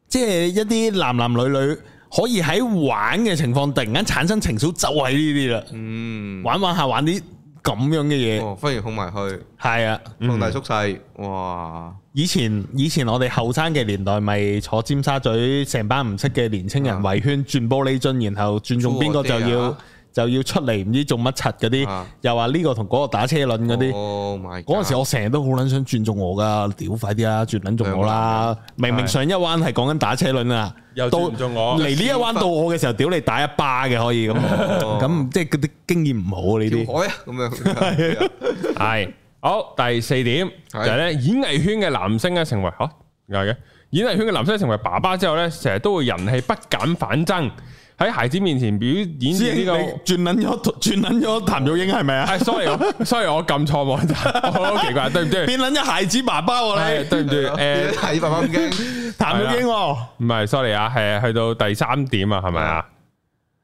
即係一啲男男女女可以喺玩嘅情況，突然間產生情緒，就係呢啲啦。嗯，玩玩下玩啲。咁樣嘅嘢、哦，忽如控埋去，係啊，放、嗯、大縮細，哇！以前以前我哋後生嘅年代，咪坐尖沙咀成班唔識嘅年青人圍圈轉玻璃樽，然後轉中邊個就要。嗯嗯就要出嚟唔知做乜柒嗰啲，啊、又話呢個同嗰個打車輪嗰啲。嗰陣、oh、時我成日都好捻想轉中我噶，屌快啲啊轉捻中我啦！明明上一彎係講緊打車輪啊，又轉唔中我。嚟呢一彎到我嘅時候，屌你打一巴嘅可以咁，咁、啊、即係嗰啲經驗唔好啊呢啲。條海、啊，好第四點就係、是、咧是、啊，演藝圈嘅男星咧成為吓嘅，演藝圈嘅男星成為爸爸之後咧，成日都會人氣不減反增。喺孩子面前表演呢個轉捻咗轉捻咗譚玉英係咪啊？係 sorry，sorry，我咁錯望。好奇怪，對唔對？變捻咗孩子爸爸喎你？對唔對？誒，孩子爸爸唔驚，譚玉英唔係，sorry 啊，係去到第三點啊，係咪啊？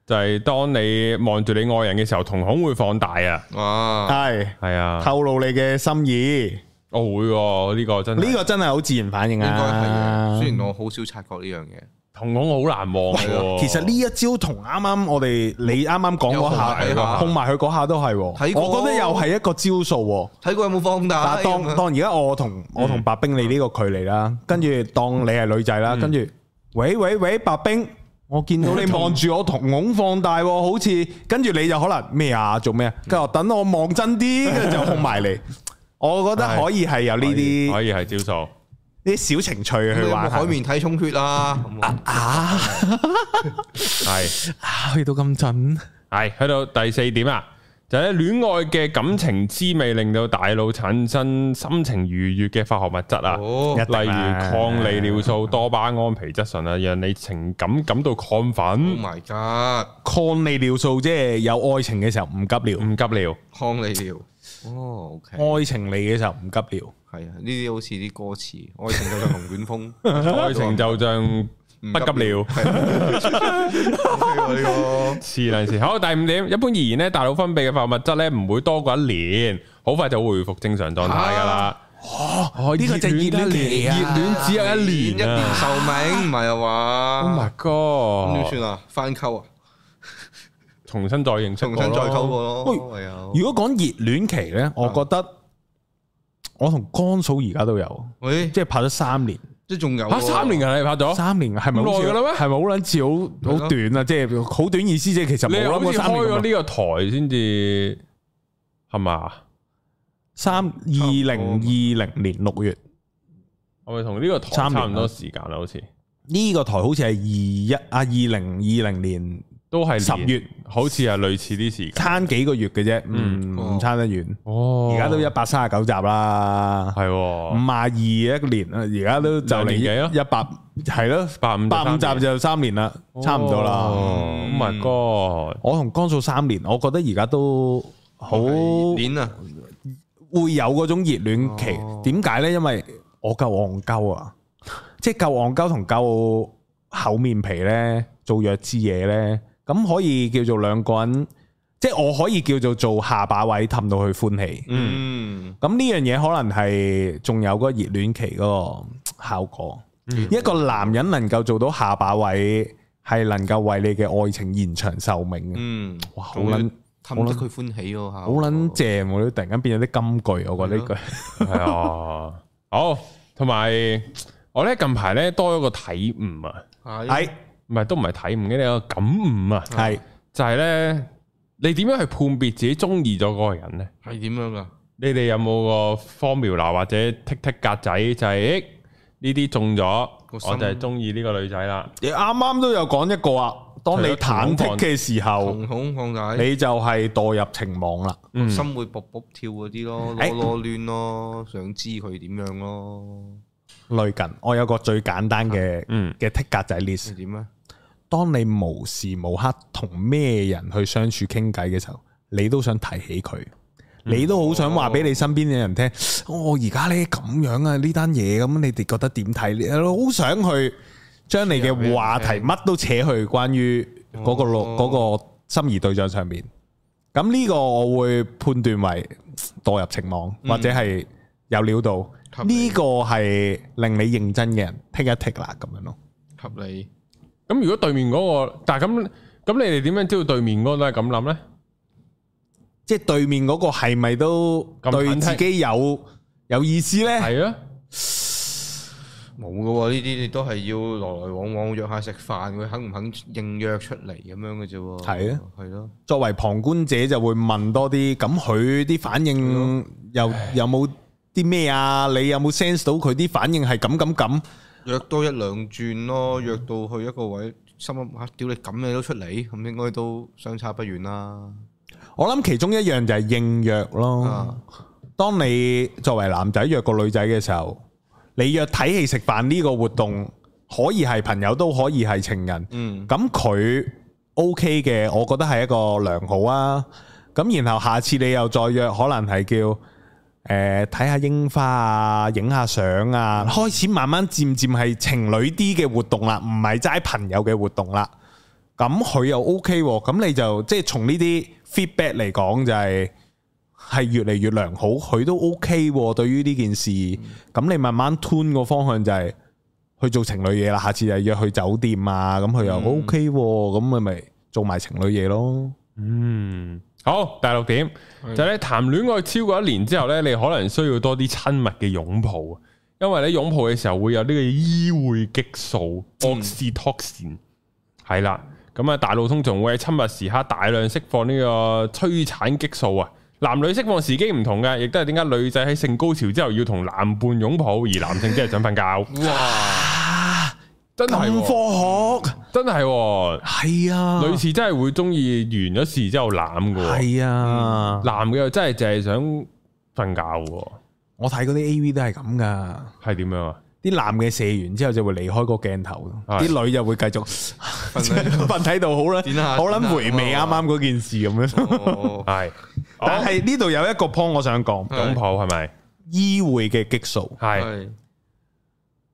就係當你望住你愛人嘅時候，瞳孔會放大啊！啊，係係啊，透露你嘅心意。我會呢個真係呢個真係好自然反應啊！應該係啊。雖然我好少察覺呢樣嘢。瞳孔好難忘，其實呢一招同啱啱我哋你啱啱講嗰下，放埋佢嗰下都係，我覺得又係一個招數。睇過有冇放大？當當而家我同我同白兵你呢個距離啦，跟住當你係女仔啦，跟住喂喂喂，白兵，我見到你望住我瞳孔放大，好似跟住你就可能咩啊？做咩啊？跟住等我望真啲，跟住就控埋你。我覺得可以係有呢啲，可以係招數。啲小情趣去玩下，海綿體充血啦，啊，係，去到咁準，係去到第四點啊，就係戀愛嘅感情滋味令到大腦產生心情愉悦嘅化學物質啊，例如抗利尿素、多巴胺、皮質醇啊，讓你情感感到亢奮。Oh my god！抗利尿素即係有愛情嘅時候唔急尿，唔急尿，抗利尿。哦，OK，愛情嚟嘅時候唔急尿。係啊，呢啲好似啲歌詞，愛情就像龍捲風，愛情就像不急了。是啦，是。好，第五點，一般而言咧，大腦分泌嘅化學物質咧，唔會多過一年，好快就回復正常狀態噶啦。哦，呢個熱戀期啊，熱戀只有一年，一年壽命，唔係啊嘛。Oh my God！點算啊？翻溝啊？重新再認識，重新再溝過咯。喂，如果講熱戀期咧，我覺得。我同江嫂而家都有，欸、即係拍咗三年，即仲有啊，啊三年啊，你拍咗三年，係咪好耐噶啦咩？係咪好撚似好好短啊？即係好短意思啫，其實冇諗過三，你好似開咗呢個台先至係嘛？三二零二零年六月，係咪同呢個台差唔多時間啦？好似像呢個台好似係二一啊二零二零年。都係十月，好似係類似啲時間，差幾個月嘅啫，唔唔差得遠。而家都一百三十九集啦，係五廿二一年啊，而家都就嚟一百係咯，百五百五集就三年啦，差唔多啦。唔係哥，我同江少三年，我覺得而家都好戀啊，會有嗰種熱戀期。點解咧？因為我夠戇鳩啊，即係夠戇鳩同夠厚面皮咧，做弱智嘢咧。咁可以叫做兩個人，即係我可以叫做做下把位氹到佢歡喜。嗯，咁呢樣嘢可能係仲有嗰熱戀期嗰個效果。一個男人能夠做到下把位，係能夠為你嘅愛情延長壽命。嗯，哇，好捻氹得佢歡喜哦，吓，好捻正。我突然間變咗啲金句，我覺得呢句係啊。好，同埋我咧近排咧多咗個體悟啊。係。唔係都唔係睇唔起你嘅，你個感悟啊，係、啊、就係咧，你點樣去判別自己中意咗嗰個人咧？係點樣噶？你哋有冇個 formula 或者 tick tick 格仔？就係呢啲中咗，我就係中意呢個女仔啦。心你啱啱都有講一個啊，當你忐忑嘅時候，你就係墮入情網啦，嗯、心會卜卜跳嗰啲咯，囉囉攣咯，欸、想知佢點樣咯。最近我有個最簡單嘅嘅 tick 格仔 list 點咧？當你無時無刻同咩人去相處傾偈嘅時候，你都想提起佢，你都好想話俾你身邊嘅人聽。我而家呢咁樣啊，呢單嘢咁，你哋覺得點睇？你好想去將你嘅話題乜都扯去關於嗰，嗰個，嗯哦嗰個嗰個心儀對象上面。咁呢個我會判斷為墮入情網或者係有料到。呢、嗯、個係令你認真嘅人聽一聽啦，咁樣咯，合理。咁如果對面嗰個，但係咁咁，你哋點樣知道對面嗰個都係咁諗咧？即係對面嗰個係咪都對自己有有意思咧？係啊，冇噶喎，呢啲你都係要來來往往約下食飯，佢肯唔肯應約出嚟咁樣嘅啫。係啊，係咯。作為旁觀者就會問多啲，咁佢啲反應又有冇啲咩啊？你有冇 sense 到佢啲反應係咁咁咁？約多一兩轉咯，約到去一個位，心諗吓、啊，屌你咁樣都出嚟，咁應該都相差不遠啦。我諗其中一樣就係應約咯。啊、當你作為男仔約個女仔嘅時候，你約睇戲食飯呢個活動，可以係朋友都可以係情人。嗯，咁佢 OK 嘅，我覺得係一個良好啊。咁然後下次你又再約，可能係叫。誒，睇下櫻花啊，影下相啊，開始慢慢漸漸係情侶啲嘅活動啦，唔係齋朋友嘅活動啦。咁佢又 OK，咁、啊、你就即係從呢啲 feedback 嚟講、就是，就係係越嚟越良好，佢都 OK、啊。對於呢件事，咁你慢慢 turn 個方向就係、是、去做情侶嘢啦。下次又約去酒店啊，咁佢又 OK，咁咪咪做埋情侶嘢咯。嗯。好，第六點的就係咧，談戀愛超過一年之後咧，你可能需要多啲親密嘅擁抱，因為咧擁抱嘅時候會有呢個依偎激素 oxytocin，係啦，咁啊，嗯、大腦通常會喺親密時刻大量釋放呢個催產激素啊，男女釋放時機唔同嘅，亦都係點解女仔喺性高潮之後要同男伴擁抱，而男性即係想瞓覺，哇，啊、真係、哦、科學。嗯真係，係啊，女士真係會中意完咗事之後攬噶，係啊，男嘅又真係淨係想瞓覺。我睇嗰啲 AV 都係咁噶，係點樣啊？啲男嘅射完之後就會離開個鏡頭，啲女又會繼續瞓喺度好啦，我諗回味啱啱嗰件事咁樣。係，但係呢度有一個 point 我想講，擁抱係咪？依會嘅激素係，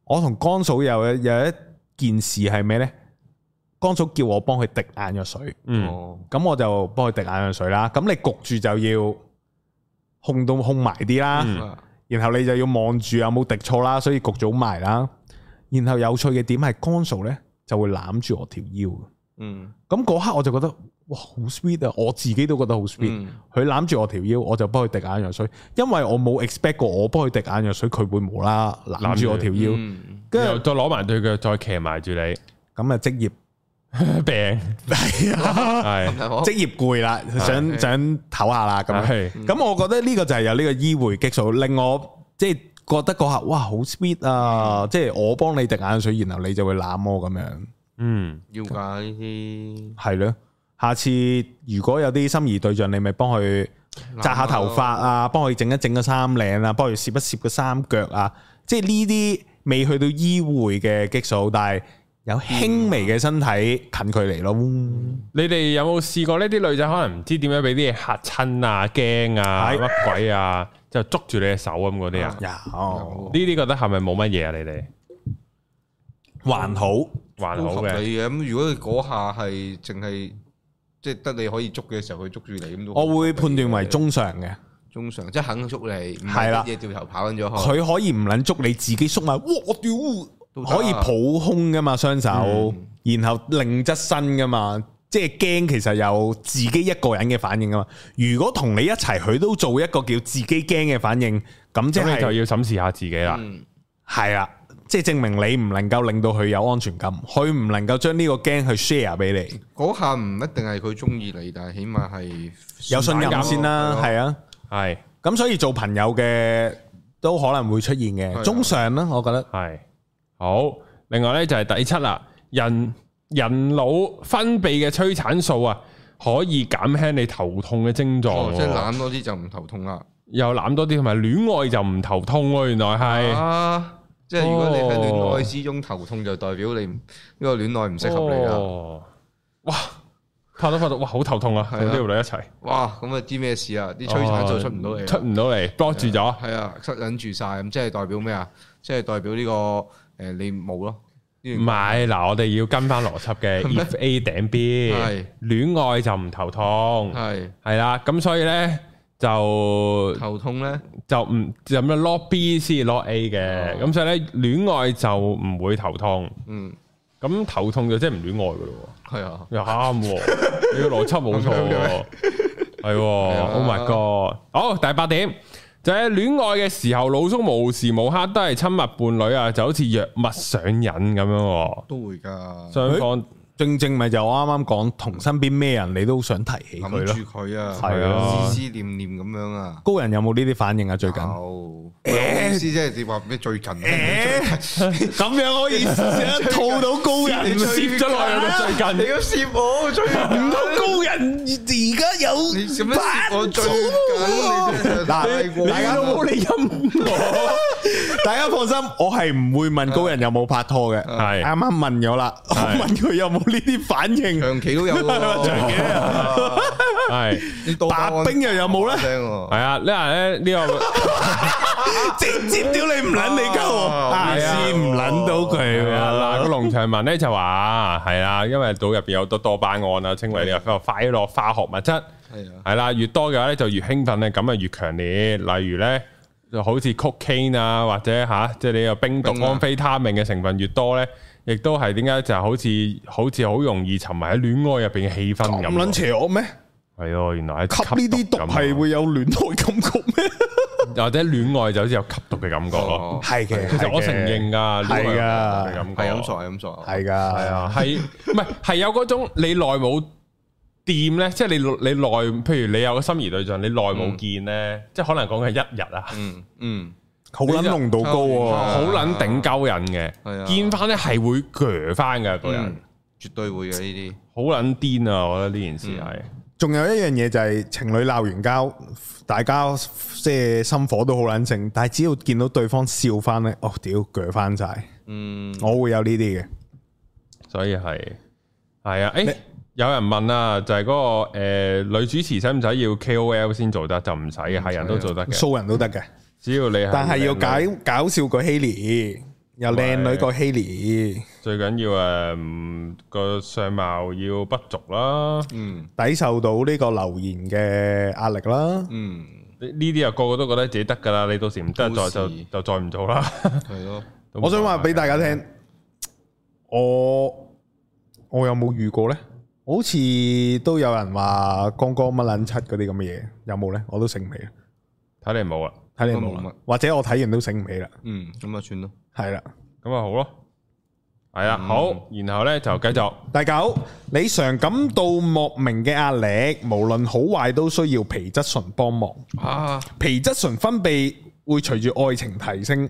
我同江嫂有有一件事係咩咧？光祖叫我幫佢滴眼藥水，咁、嗯、我就幫佢滴眼藥水啦。咁你焗住就要控到控埋啲啦，嗯、然後你就要望住有冇滴錯啦，所以焗咗埋啦。然後有趣嘅點係，光祖咧就會攬住我條腰，咁嗰、嗯、刻我就覺得哇好 sweet 啊！我自己都覺得好 sweet。佢攬住我條腰，我就幫佢滴眼藥水，因為我冇 expect 過我幫佢滴眼藥水，佢會無啦攬住我條腰，跟住、嗯嗯、再攞埋對腳再騎埋住你，咁啊職業。病係啊，係職 <laughs> 嗯、 <laughs> 業攰啦 <laughs> 想， <laughs> 想想唞下啦，咁 <laughs> 樣。咁 <laughs> 我覺得呢個就係有呢個依回激素，令我即係、就是、覺得嗰下哇好 sweet 啊！的即係我幫你滴眼水，然後你就會攬我咁樣。嗯，要解呢啲係咯。下次如果有啲心儀對象，你咪幫佢紮下頭髮啊，幫佢整一整個衫領啊，幫佢攝一攝個衫腳啊。即係呢啲未去到依回嘅激素，但係。有輕微嘅身體近距離咯，嗯、你哋有冇試過呢啲女仔可能唔知點樣俾啲嘢吓親啊、驚啊、乜鬼啊，就捉住你嘅手咁嗰啲啊？呢啲、嗯、覺得係咪冇乜嘢啊？你哋還好還好嘅咁，如果佢嗰下係淨係即係得你可以捉嘅時候，佢捉住你咁都，我會判斷為中上嘅，中上即係肯捉你係啦，掉頭跑咗佢可以唔捻捉你自己縮埋。哇！我屌！可以抱胸噶嘛雙手，然後擰側身噶嘛，即係驚其實有自己一個人嘅反應噶嘛。如果同你一齊，佢都做一個叫自己驚嘅反應，咁即係就要審視下自己啦。係啊，即係證明你唔能夠令到佢有安全感，佢唔能夠將呢個驚去 share 俾你。嗰下唔一定係佢中意你，但係起碼係有信任先啦。係啊，係。咁所以做朋友嘅都可能會出現嘅。綜上啦，我覺得係。好，另外呢就係第七啦，人人腦分泌嘅催產素啊，可以減輕你頭痛嘅症狀、哦，即係攬多啲就唔頭痛啦、啊。又攬多啲同埋戀愛就唔頭痛喎、啊，原來係、啊，即係如果你喺戀愛之中頭痛，就代表你呢個戀愛唔適合你啊、哦。哇，拍到拍到，哇好頭痛啊，喺呢條女一齊。哇，咁啊啲咩事啊？啲催產素出唔到嚟，出唔到嚟，多住咗，係啊，吸引住晒，咁、啊、即係代表咩啊？即係代表呢、這個。誒，你冇咯？唔係，嗱，我哋要跟翻邏輯嘅。If A 頂 B，係戀愛就唔頭痛，係係啦。咁所以咧就頭痛咧，就唔咁樣 lock B 先 lock A 嘅。咁所以咧，戀愛就唔會頭痛。嗯，咁頭痛就即係唔戀愛噶咯。係啊，又啱，你個邏輯冇錯，係。Oh my god！好，第八點。就係戀愛嘅時候，老叔無時無刻都係親密伴侶啊，就好似藥物上癮咁樣，都會㗎，雙方。正正咪就我啱啱講，同身邊咩人你都想提起佢咯。係啊，思、啊、思念念咁樣啊。高人有冇呢啲反應啊？最近有，意思即係點話咩？最近、欸，咁、欸、樣可以套到高人，攝咗落嚟最近。你都攝我最近，唔通高人而家有八組。大家好，你陰我。大家放心，我係唔會問高人有冇拍拖嘅，係啱啱問咗啦。我問佢有冇呢啲反應，長期都有喎，長期啊，係。白兵又有冇咧？係啊，呢下咧呢個直接屌你唔捻你溝，還是唔捻到佢。嗱，個農場文咧就話係啊，因為島入邊有好多多巴胺啊，稱為呢個快樂化學物質。係啊，係啦，越多嘅話咧就越興奮咧，咁啊越強烈。例如咧。就好似 cocaine 啊，或者吓、啊，即係你有冰毒，安非他命嘅成分越多咧，亦都係點解就係好似好似好容易沉迷喺戀愛入邊嘅氣氛咁。咁撚邪惡咩？係咯，原來係吸呢啲毒係會有戀愛感覺咩？ <laughs> 或者戀愛就好似有吸毒嘅感覺咯。係嘅、哦，其實我承認噶，係噶的，係咁傻，係咁傻，係噶，係啊，係唔係係有嗰種你耐冇。掂咧，即係你你耐，譬如你有個心儀對象，你耐冇見咧，即係可能講係一日啊，嗯嗯，好撚濃度高啊，好撚頂鳩人嘅。係啊，見翻咧係會鋸翻㗎個人，絕對會有呢啲，好撚癲啊！我覺得呢件事係，仲有一樣嘢就係情侶鬧完交，大家即係心火都好撚盛，但係只要見到對方笑翻咧，哦，屌鋸翻晒，嗯，我會有呢啲嘅，所以係係啊，誒。有人問啊，就係嗰個誒女主持使唔使要 KOL 先做得？就唔使，係人都做得，素人都得嘅。只要你係，但係要搞搞笑過 Haley，又靚女過 Haley。最緊要誒個相貌要不俗啦，嗯，抵受到呢個留言嘅壓力啦，嗯，呢啲啊個個都覺得自己得噶啦，你到時唔得再就就再唔做啦。係咯，我想話俾大家聽，我我有冇遇過呢？好似都有人話光哥乜撚柒嗰啲咁嘅嘢，有冇咧？我都醒唔起啦，睇你冇啊，睇你冇，或者我睇完都醒唔起啦。嗯，咁啊算咯，係啦了，咁啊好咯，係啊、嗯、好，然後咧就繼續、嗯、第九，你常感到莫名嘅壓力，無論好壞都需要皮質醇幫忙啊，哇皮質醇分泌會隨住愛情提升。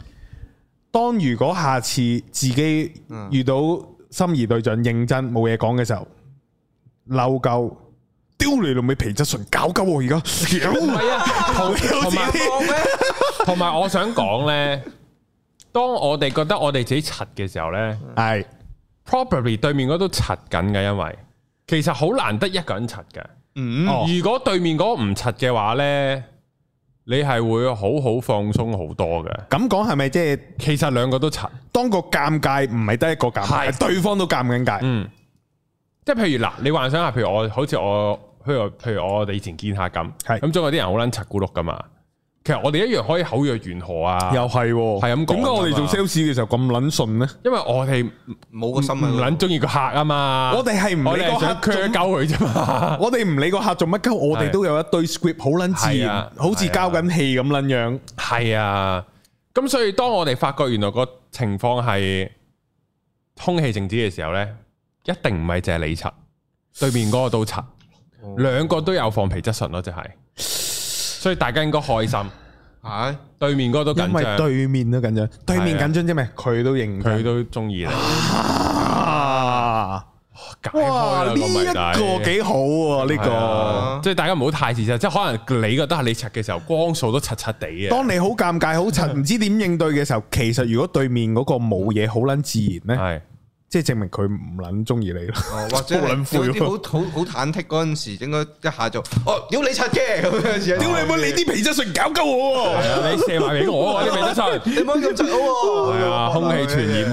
當如果下次自己遇到心儀對象，認真冇嘢講嘅時候，嬲夠丟你老味皮質唇搞鳩我而家，唔係啊，同埋我想講呢，當我哋覺得我哋自己柒嘅時候呢，係 probably 是對面嗰都柒緊嘅，因為其實好難得一個人柒嘅，嗯哦、如果對面嗰唔柒嘅話呢。你係會好好放鬆好多嘅，咁講係咪即係？其實兩個都陳，當個尷尬唔係得一個尷尬，係是對方都尷緊尬。嗯，即係譬如嗱，你幻想下，譬如我，好似我，譬如譬如我哋以前見下咁，係咁是，仲有啲人好捻拆咕碌噶嘛。其實我哋一樣可以口若懸河啊！又係、喔，係咁講。點解我哋做 sales 嘅時候咁撚順呢？因為我哋冇個心，唔撚中意個客啊嘛！我哋係唔理個客，佢交佢啫嘛。我哋唔理個客做乜鳩，我哋都有一堆 script 好撚自然，好似交緊戲咁撚樣。係啊，咁、啊啊啊啊、所以當我哋發覺原來個情況係空氣靜止嘅時候呢，一定唔係淨係理插，對面嗰個都插，兩 <laughs> 個都有放皮質唇咯，就係。所以大家應該開心，吓、啊、對面嗰個都緊張，因為對面都緊張，對面緊張啫咩？佢、啊、都認佢都中意你。哇，呢一個幾好喎，呢個即係、啊，這個啊、大家唔好太自責，即係可能你覺得係你柒嘅時候，光數都柒柒地啊。當你好尷尬、好柒，唔知點應對嘅時候， <laughs> 其實如果對面嗰個冇嘢，好捻自然咧。即係證明佢唔捻中意你咯，或者有啲好好好忐忑嗰陣時，應該一下就哦，屌你柒嘅咁樣，屌、啊、你唔你啲皮質碎搞鳩我係啊，你射埋俾我喎，啲 <laughs> 皮質碎， <laughs> 你唔好咁柒咯，係啊，空氣傳染，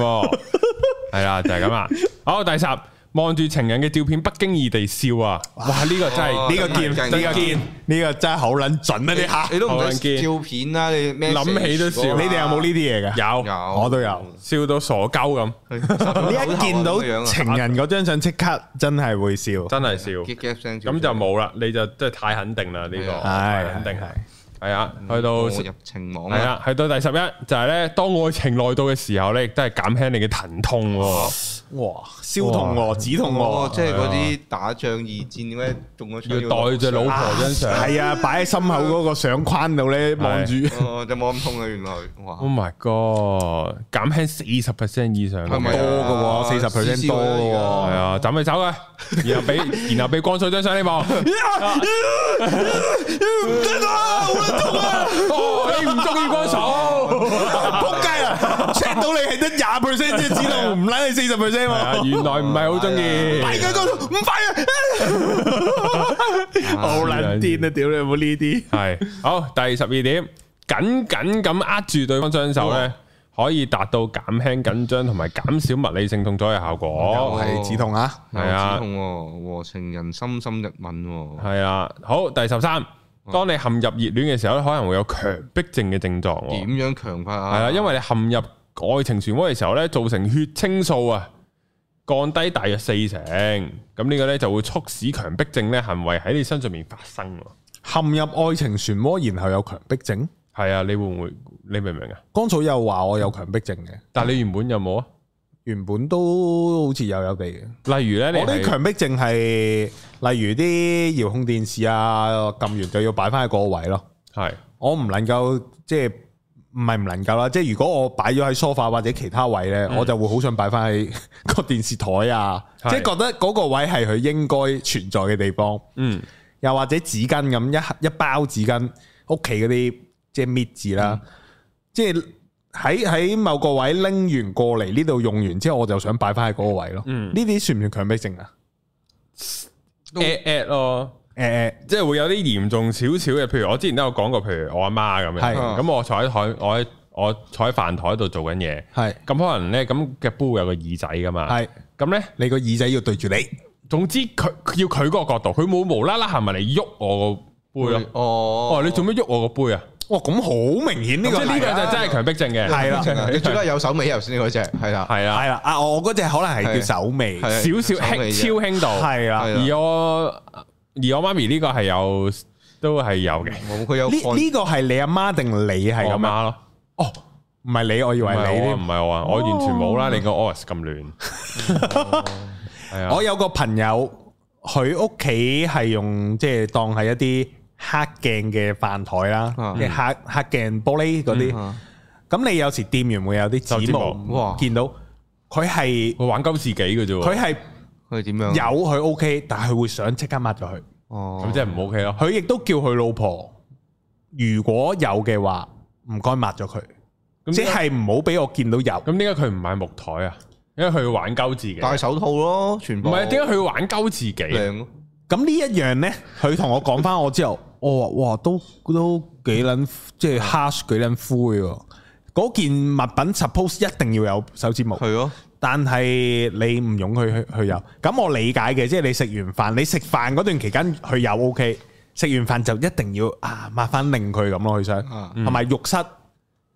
係啦、 <laughs> 啊，就係咁啦，好，第十。望住情人嘅照片，不經意地笑啊！哇，呢個真係呢個劍，呢個呢個真係好捻準啊！你吓，你都唔見照片啦，你諗起都笑。你哋有冇呢啲嘢噶？有，我都有笑到傻鳩咁。你一見到情人嗰張相，即刻真係會笑，真係笑。咁就冇啦，你就真係太肯定啦呢個，係肯定係，係啊，去到入情網啊，係啊，去到第十一就係咧，當愛情來到嘅時候咧，亦都係減輕你嘅疼痛。哇，燒痛喎、啊，止痛喎、啊，即係嗰啲打仗二戰點解仲要戴著老婆張相，係啊，擺喺心口嗰個相框度咧望住，就冇咁痛啦，原來麼麼、啊。Oh my god，減輕四十 percent 以上，係咪、啊、多嘅喎、啊，四十 percent 多嘅喎，係啊，走咪走佢，然後俾，然後俾光緒張相你望。你唔中意光緒。 <laughs> check 到你係得廿 percent 先止咯，唔拉你四十 percent 喎。原來唔係好中意。唔係佢都唔係啊，好撚癲啊！屌你有冇呢啲。係好，第十二點，緊緊咁握住對方雙手咧，可以達到減輕緊張同埋減少物理性痛楚嘅效果。又係止痛吓，係啊，止痛。和情人深深一吻。係啊，好。第十三，當你陷入熱戀嘅時候咧，可能會有強迫症嘅症狀。點樣強迫啊？係啊，因為你陷入。愛情漩渦嘅時候呢，造成血清素啊降低大約四成，咁呢個呢，就會促使強迫症呢行為喺你身上面發生。陷入愛情漩渦，然後有強迫症，係啊？你會唔會？你明唔明啊？剛才又話我有強迫症嘅，但係你原本有冇啊？原本都好似有有地嘅。例如呢，你我啲強迫症係例如啲遙控電視啊，撳完就要擺翻喺個位咯。係是，我唔能夠即係。唔係唔能夠啦，即係如果我擺咗喺梳化或者其他位咧，嗯、我就會好想擺翻喺個電視台啊！是即係覺得嗰個位係佢應該存在嘅地方。嗯，又或者紙巾咁一一包紙巾，屋企嗰啲即係搣字啦，即係喺喺某個位拎完過嚟呢度用完之後，我就想擺翻喺嗰個位咯。嗯，呢啲算唔算強迫性啊？誒誒，哦、啊。啊啊誒，即係會有啲嚴重少少嘅。譬如我之前都有講過，譬如我阿媽咁樣，咁我坐喺台，我喺我坐喺飯台度做緊嘢，係咁可能咧，咁嘅杯有個耳仔㗎嘛，係咁咧，你個耳仔要對住你，總之佢要佢個角度，佢冇無啦啦行埋嚟喐我個杯咯，哦，哦，你做咩喐我個杯啊？哇，咁好明顯呢個，即係呢個就真係強迫症嘅。係啦，你最緊要有手尾先嗰隻，係啦，係啦，係啦，啊，我嗰隻可能係叫手尾，少少輕，超輕度，係啦，而我。而我媽咪呢個係有，都係有嘅。我佢有呢呢個係你阿媽定你係阿媽咯？哦，唔係你，我以為你咧。唔係我啊，我完全冇啦。你個 office 咁亂，係啊。我有個朋友，佢屋企係用即係當係一啲黑鏡嘅飯台啦，啲黑黑鏡玻璃嗰啲。咁你有時店員會有啲指紋，見到佢係玩鳩自己嘅啫。佢係。佢點樣有佢 O K，但係會想即刻抹咗佢，哦，咁即係唔 O K 咯。佢亦都叫佢老婆，如果有嘅話，唔該抹咗佢，即係唔好俾我見到有。咁點解佢唔買木台啊？因為佢要玩鳩自己戴手套咯，全部唔係，點解佢要玩鳩自己？咁亮呢一樣咧，佢同我講翻我之後，我、 <laughs> 哦、哇都都，都幾捻即係 hush 幾捻灰。嗰件物品 suppose 一定要有手指毛，係咯，但係你唔用佢去去有，咁我理解嘅，即係你食完飯，你食飯嗰段期間去有 OK，食完飯就一定要啊抹翻令佢咁咯，佢想，同埋浴室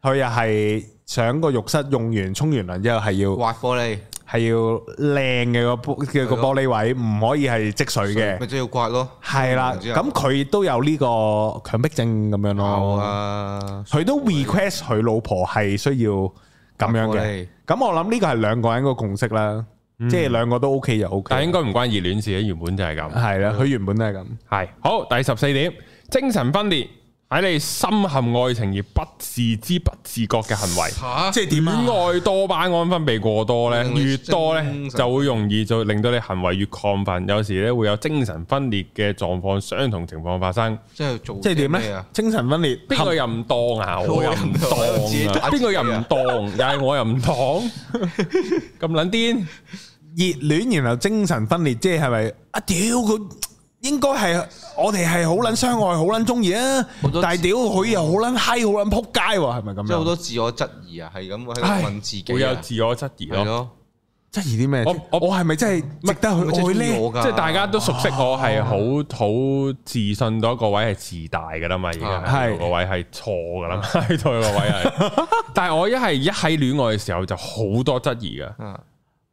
佢又係想個浴室用完沖完涼之後係要刮玻璃。係要靚嘅個玻，叫個玻璃位唔可以係積水嘅，咪即係要刮咯。係啦，咁佢都有呢個強迫症咁樣咯。佢都 request 佢老婆係需要咁樣嘅。咁我諗呢個係兩個人個共識啦，即係兩個都 OK 就 OK。但係應該唔關熱戀事嘅，原本就係咁。係啦，佢原本都係咁。係。好，第十四點，精神分裂。喺你深陷愛情而不自知、不自覺嘅行為嚇，即係點樣？戀愛多巴胺分泌過多咧，越多咧就會容易就令到你行為越亢奮，有時咧會有精神分裂嘅狀況，相同情況發生。即係做即係點咧？精神分裂邊個又唔當啊？我又唔當？邊個又唔當？又係我又唔當咁撚癲熱戀，然後精神分裂，即係係咪啊？屌佢！應該係我哋係好捻相愛，好捻中意啊！但係屌佢又好捻閪，好捻扑街喎，係咪咁？即係好多自我質疑啊，係咁問自己，會有自我質疑咯。質疑啲咩？我我係咪真係值得去愛呢？即係大家都熟悉我，係好好自信到一個位，係自大噶啦嘛。而家係個位係錯噶啦嘛，係錯個位。但係我一係一喺戀愛嘅時候，就好多質疑噶。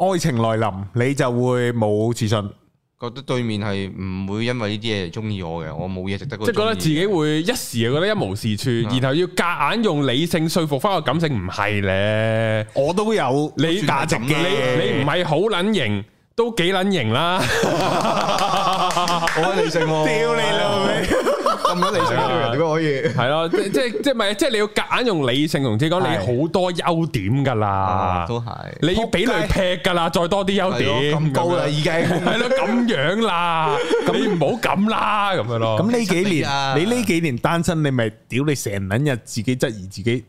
愛情來臨，你就會冇自信。覺得對面係唔會因為呢啲嘢中意我嘅，我冇嘢值得。即係覺得自己會一時又覺得一無是處，嗯、然後要夾硬用理性說服翻個感性，唔係咧。我都有你價值嘅，你唔係好撚型，都幾撚型啦。好理性、啊，屌 <laughs> 你老了味。 <laughs> 咁樣理性嘅人點 <laughs> 可以？係咯，即即即唔係，即、即係即係、你要夾硬用理性同之講， <laughs> 你好多優點㗎啦、啊，都係。你要俾雷劈㗎啦，再多啲優點。咁 <laughs> 高啦，已經係咯，咁樣啦， <laughs> 你唔好咁啦，咁樣咯。咁呢幾年， <laughs> 你呢幾， <laughs> 幾年單身，你咪屌你成撚日自己質疑自己。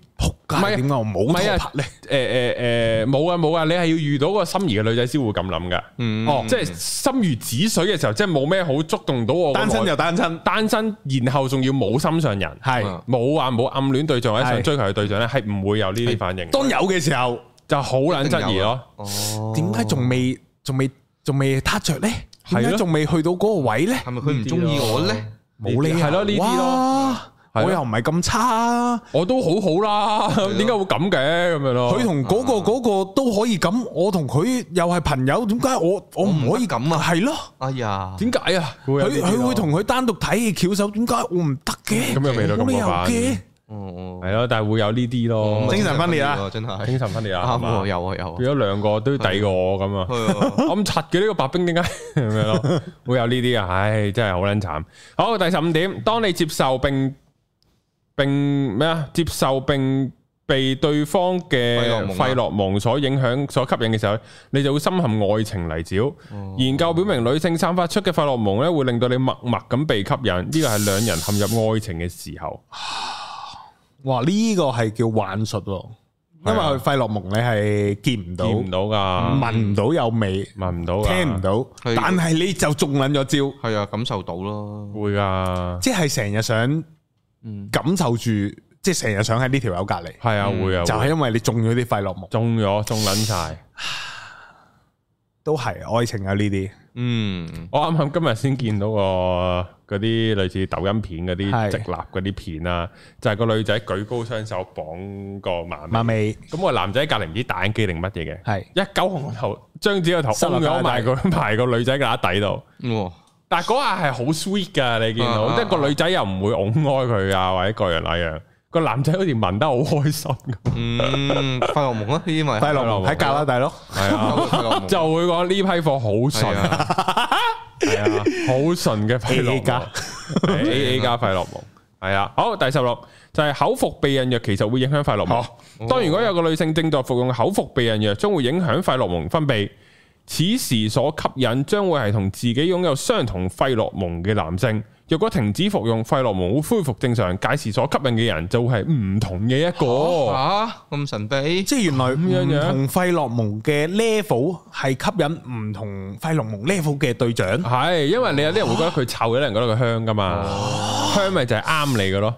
唔係點解我冇拖拍咧？誒誒誒，冇啊冇啊！你係要遇到個心儀嘅女仔先會咁諗噶。哦，即係心如止水嘅時候，即係冇咩好觸動到我。單身就單身，單身然後仲要冇心上人，係冇話冇暗戀對象或者想追求嘅對象咧，係唔會有呢啲反應。當有嘅時候，就好難質疑咯。點解仲未？仲未？仲未？撻着咧？點解仲未去到嗰個位咧？係咪佢唔中意我咧？冇理。係咯呢啲咯。我又唔係咁差，我都好好啦。點解會咁嘅咁樣咯？佢同嗰個嗰個都可以咁，我同佢又係朋友，點解我我唔可以咁啊？係咯，哎呀，點解啊？佢佢會同佢單獨睇翹手，點解我唔得嘅？咁又未得咁快嘅？哦，係咯，但係會有呢啲咯，精神分裂啊，精神分裂啊，有啊有。變咗兩個都抵過我咁啊，咁柒嘅呢個白兵點解咁樣咯？會有呢啲啊，唉，真係好撚慘。好，第十五點，當你接受並。並咩啊？接受並被對方嘅費洛蒙所影響、所吸引嘅時候，你就會深陷愛情泥沼。研究表明，女性散發出嘅費洛蒙咧，會令到你默默咁被吸引。呢個係兩人陷入愛情嘅時候。哇！呢個係叫幻術咯，因為費洛蒙你係見唔到、見唔到噶，聞唔到有味、聞唔到、聽唔到，但係你就中捻咗招。係啊，感受到咯，會噶。即係成日想。感受住，即係成日想喺呢條友隔籬，係啊、嗯、會啊，就係因為你中咗啲快樂夢，中咗中捻晒，唉都係愛情啊呢啲。嗯，我啱啱今日先見到個嗰啲類似抖音片嗰啲直立嗰啲片啊，是就係個女仔舉高雙手綁個馬馬尾，咁媽個男仔隔籬唔知打緊機定乜嘢嘅，係是一九紅頭將隻個頭擁咗埋個排個女仔嘅底度。但嗰下係好 sweet 噶，你見到即係個女仔又唔會擁愛佢啊，或者各樣那樣，個男仔好似聞得好開心咁。快樂夢咯，呢啲咪快樂夢喺㗎啦大佬，係啊，就會講呢批貨好純，係啊，好純嘅 A 加 A 加快樂夢，係啊。好，第十六就係口服避孕藥，其實會影響快樂夢。當如果有個女性正在服用口服避孕藥，將會影響快樂夢分泌。此時所吸引將會係同自己擁有相同費洛蒙嘅男性。若果停止服用費洛蒙，會恢復正常。屆時所吸引嘅人就係唔同嘅一個。吓咁、啊、神秘，即係原來唔同費洛蒙嘅 level 係吸引唔同費洛蒙的 level 嘅對象。係、啊，因為你有啲人會覺得佢臭，有人覺得佢香噶嘛，啊啊、香咪就係啱你嘅咯。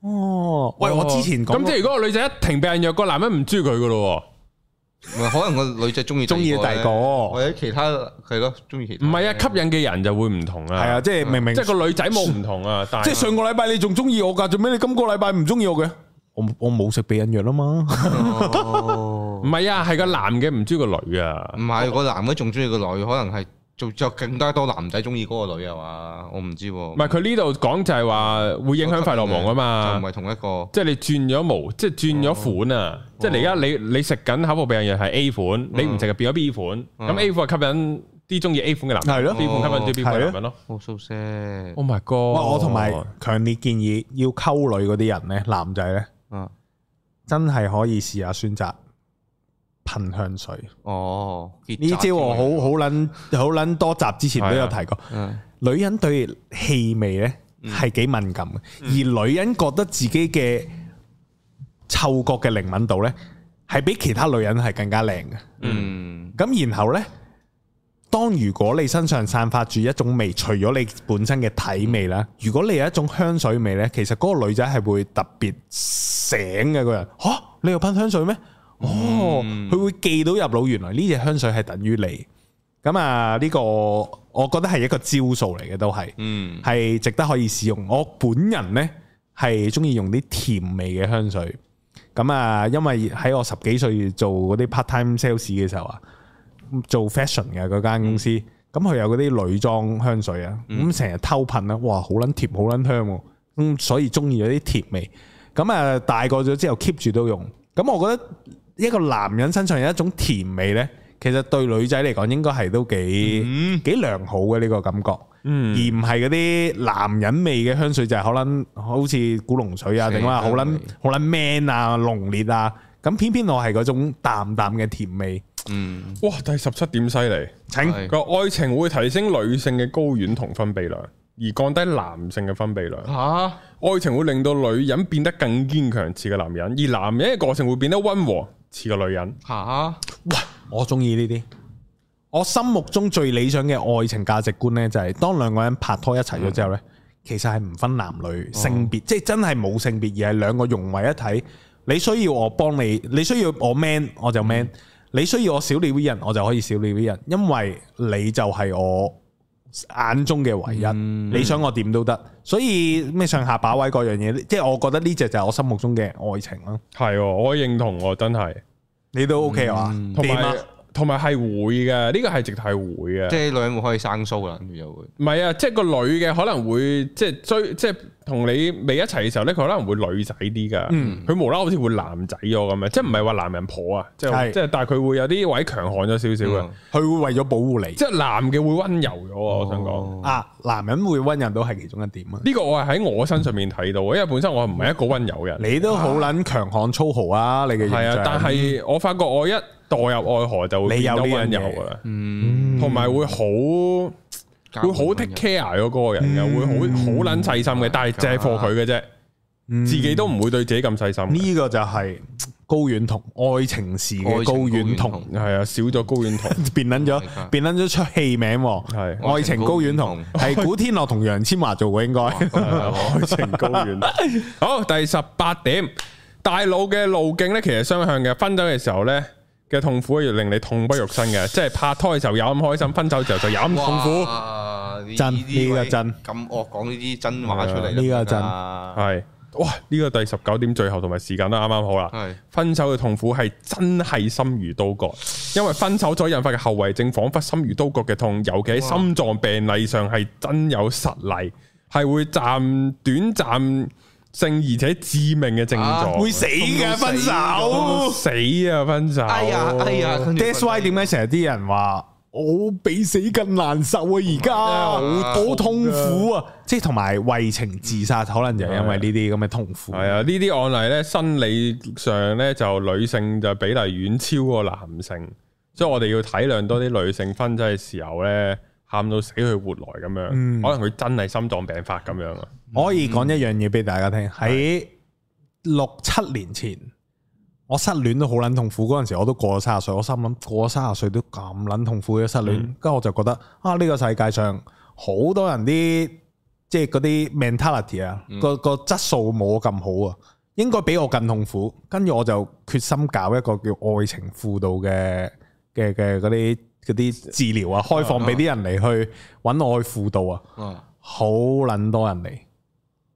哦、啊，喂，我之前講咁、啊、即係如果個女仔一停避孕藥，個男人唔中意佢噶咯。唔係可能個女仔中意中意第二個，或者其他係咯，中意其他。唔係啊，吸引嘅人就會唔同啊，係啊，即係明明即係個女仔冇唔同啊，但係即係上個禮拜你仲中意我噶，做咩你今個禮拜唔中意我嘅？我我冇食避孕藥吖嘛，唔係啊，係個男嘅唔中意個女啊，唔係個男嘅仲中意個女，可能係。仲着更多男仔中意嗰個女啊！我唔知，唔係佢呢度講就係話會影響費洛蒙啊嘛，唔係同一個，即係你轉咗模，即係轉咗款啊！哦、即係你而家你你食緊口服避孕藥係 A 款，哦、你唔食就變咗 B 款，咁、哦、A 款吸引啲中意 A 款嘅男，係咯、哦、B 款吸引啲 B 款嘅男人咯。我收聲，Oh my God！哦、我同埋強烈建議要溝女嗰啲人咧，男仔咧，真係可以試下選擇。噴香水哦，呢招我好喊喊喊好捻，好捻多集之前都有提過。啊啊、女人對氣味呢係幾敏感，嗯、而女人覺得自己嘅嗅覺嘅靈敏度呢係比其他女人係更加靚嘅。嗯，咁然後呢，當如果你身上散發住一種味，除咗你本身嘅體味啦，嗯、如果你有一種香水味呢，其實嗰個女仔係會特別醒嘅。高人，吓，你有噴香水咩？哦，佢、嗯、會記到入腦，原來呢隻香水係等於你咁啊！呢、這個我覺得係一個招數嚟嘅，都係，係、嗯、值得可以試用。我本人呢，係中意用啲甜味嘅香水，咁啊，因為喺我十幾歲做嗰啲 part time sales 嘅時候啊，做 fashion 嘅嗰間公司，咁佢、嗯、有嗰啲女裝香水啊，咁成日偷噴啊。哇，好撚甜，好撚香，咁、嗯、所以中意咗啲甜味。咁啊，大個咗之後 keep 住都用，咁我覺得。一個男人身上有一種甜味呢，其實對女仔嚟講應該係都幾幾良好嘅，呢個感覺，而唔係嗰啲男人味嘅香水，就係可能好似古龍水啊，定話好捻好捻 man 啊、濃烈啊。咁偏偏我係嗰種淡淡嘅甜味，哇！第十七點，犀利！請個愛情會提升女性嘅睾丸酮分泌量，而降低男性嘅分泌量。吓，愛情會令到女人變得更堅強，似個男人，而男人嘅個性會變得溫和。似個女人吓？喂、啊，我中意呢啲。我心目中最理想嘅愛情價值觀呢，就係當兩個人拍拖一齊咗之後呢，的其實係唔分男女、嗯、性別，即係真係冇性別，而係兩個融為一體。你需要我幫你，你需要我 man，我就 man；、嗯、你需要我小女人，我就可以小女人，因為你就係我。眼中嘅唯一，嗯、你想我點都得，嗯、所以咩上下把位嗰樣嘢，即、就、係、是、我覺得呢隻就係我心目中嘅愛情咯。係、哦，我認同我真係，你都 OK 啊、嗯？同埋同埋係會嘅，呢、這個係直係會嘅，即係女人會可以生鬚啦，咁就會。唔係啊，即、就、係、是、個女嘅可能會即係、就是、追即係。就是同你未一齊嘅時候咧，佢可能會女仔啲噶，佢無啦，好似會男仔咗咁樣，即係唔係話男人婆啊，即係即係，是但係佢會有啲位強悍咗少少嘅，佢、嗯、會為咗保護你，即係男嘅會溫柔咗。哦、我想講啊，男人會溫柔都係其中一點啊。呢個我係喺我身上面睇到啊，因為本身我唔係一個溫柔嘅人，你都好撚強悍粗豪啊，你嘅意思係啊，但係我發覺我一墮入愛河就會變溫柔，你有呢樣嘢啦，同埋會好。嗯會好 take care 嗰個人又會好好捻細心嘅，但係借貨，佢嘅啫，自己都唔會對自己咁細心。呢個就係《高遠同愛情事》嘅《高遠同》，係啊，少咗《高遠同》，變捻咗，變捻咗出戲名，係《愛情高遠同》，係古天樂同楊千嬅做嘅，應該《愛情高遠》。好，第十八點，大腦嘅路徑咧，其實相向嘅，分走嘅時候咧。嘅痛苦要令你痛不欲生嘅，即係拍拖嘅時候有咁開心，分手嘅時候就有咁痛苦。真呢一陣咁我講呢啲真話出嚟，呢一陣係哇！呢、呢個第十九點最後同埋時間都啱啱好啦。是分手嘅痛苦係真係心如刀割，因為分手所引發嘅後遺症，仿佛心如刀割嘅痛，尤其喺心臟病例上係真有實例，係哇會暫短暫性而且致命嘅症狀，啊、會死嘅、啊、分手走，死啊分手、哎。哎呀哎呀 that's why 點解成日啲人話我比死更難受啊！而家好痛苦啊，苦啊即係同埋為情自殺，可能就係因為呢啲咁嘅痛苦。係啊，呢啲案例咧，生理上咧就女性就比例遠超過男性，所以我哋要體諒多啲女性分手嘅時候咧。喊到死去活來咁樣，嗯、樣，可能佢真係心臟病發咁樣。我可以講一樣嘢俾大家聽，喺六七年前，我失戀都好撚痛苦。嗰陣時我都過咗三十歲，我心諗過咗三十歲都咁撚痛苦嘅失戀，跟住，嗯、我就覺得啊，呢、這個世界上好多人啲即係嗰啲 mentality 啊，嗯，個個質素冇咁好啊，應該比我更痛苦。跟住，我就決心搞一個叫愛情輔導嘅嘅嘅啲。嗰啲治療啊，開放俾啲人嚟去揾我去輔導啊，好捻多人嚟，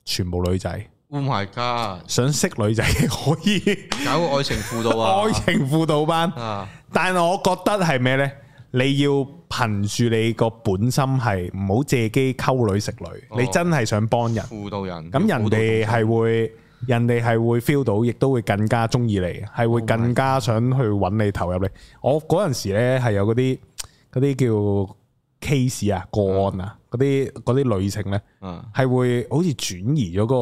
全部女仔，唔係噶，想識女仔可以搞個愛情輔導啊，愛情輔導班，但係我覺得係咩呢？你要憑住你個本心係唔好借機溝女食女，你真係想幫人輔導人，咁人哋係會。人哋係會 feel 到，亦都會更加中意你，係會更加想去揾你投入你。我嗰陣時咧，係有嗰啲啲叫 case 啊個案啊嗰啲嗰啲類型咧，係會好似轉移咗、個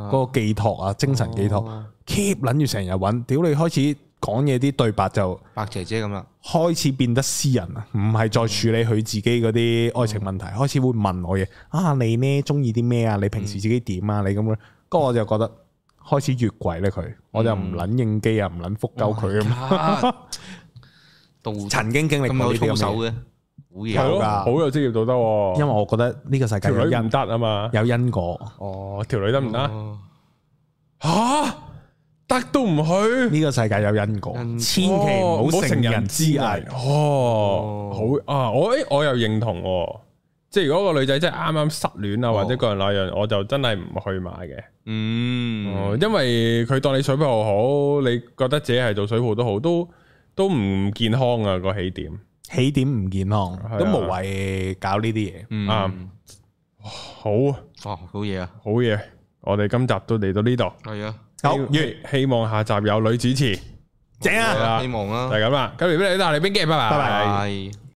嗰個、嗯、寄託啊，精神寄託，keep 諗住成日揾。屌、哦哦、你開始講嘢啲對白就白姐姐咁啦，開始變得私人啦，唔係再處理佢自己嗰啲愛情問題，嗯、開始會問我嘢啊，你咧中意啲咩啊？你平時自己點啊？你咁樣嗰我就覺得。開始越軌咧，佢我就唔捻應機啊，唔捻復救佢啊。曾經經歷過呢啲咁嘅，好嘢噶，好有職業道德。因為我覺得呢個世界有因果啊嘛，有因果。哦，條女得唔得？吓得都唔去。呢個世界有因果，千祈唔好乘人之危。哦，好啊，我誒我又認同。即係如果個女仔真係啱啱失戀啊，或者各樣那樣，我就真係唔去買嘅。嗯，因為佢當你水泡又好，你覺得自己係做水泡都好，都都唔健康啊個起點，起點唔健康，都無謂搞呢啲嘢。嗯，好，好嘢啊，好嘢。我哋今集都嚟到呢度，係啊，好。希望下集有女主持，正啊，希望啊，就咁啦。今日咩嚟？但係邊 game？拜拜，拜拜。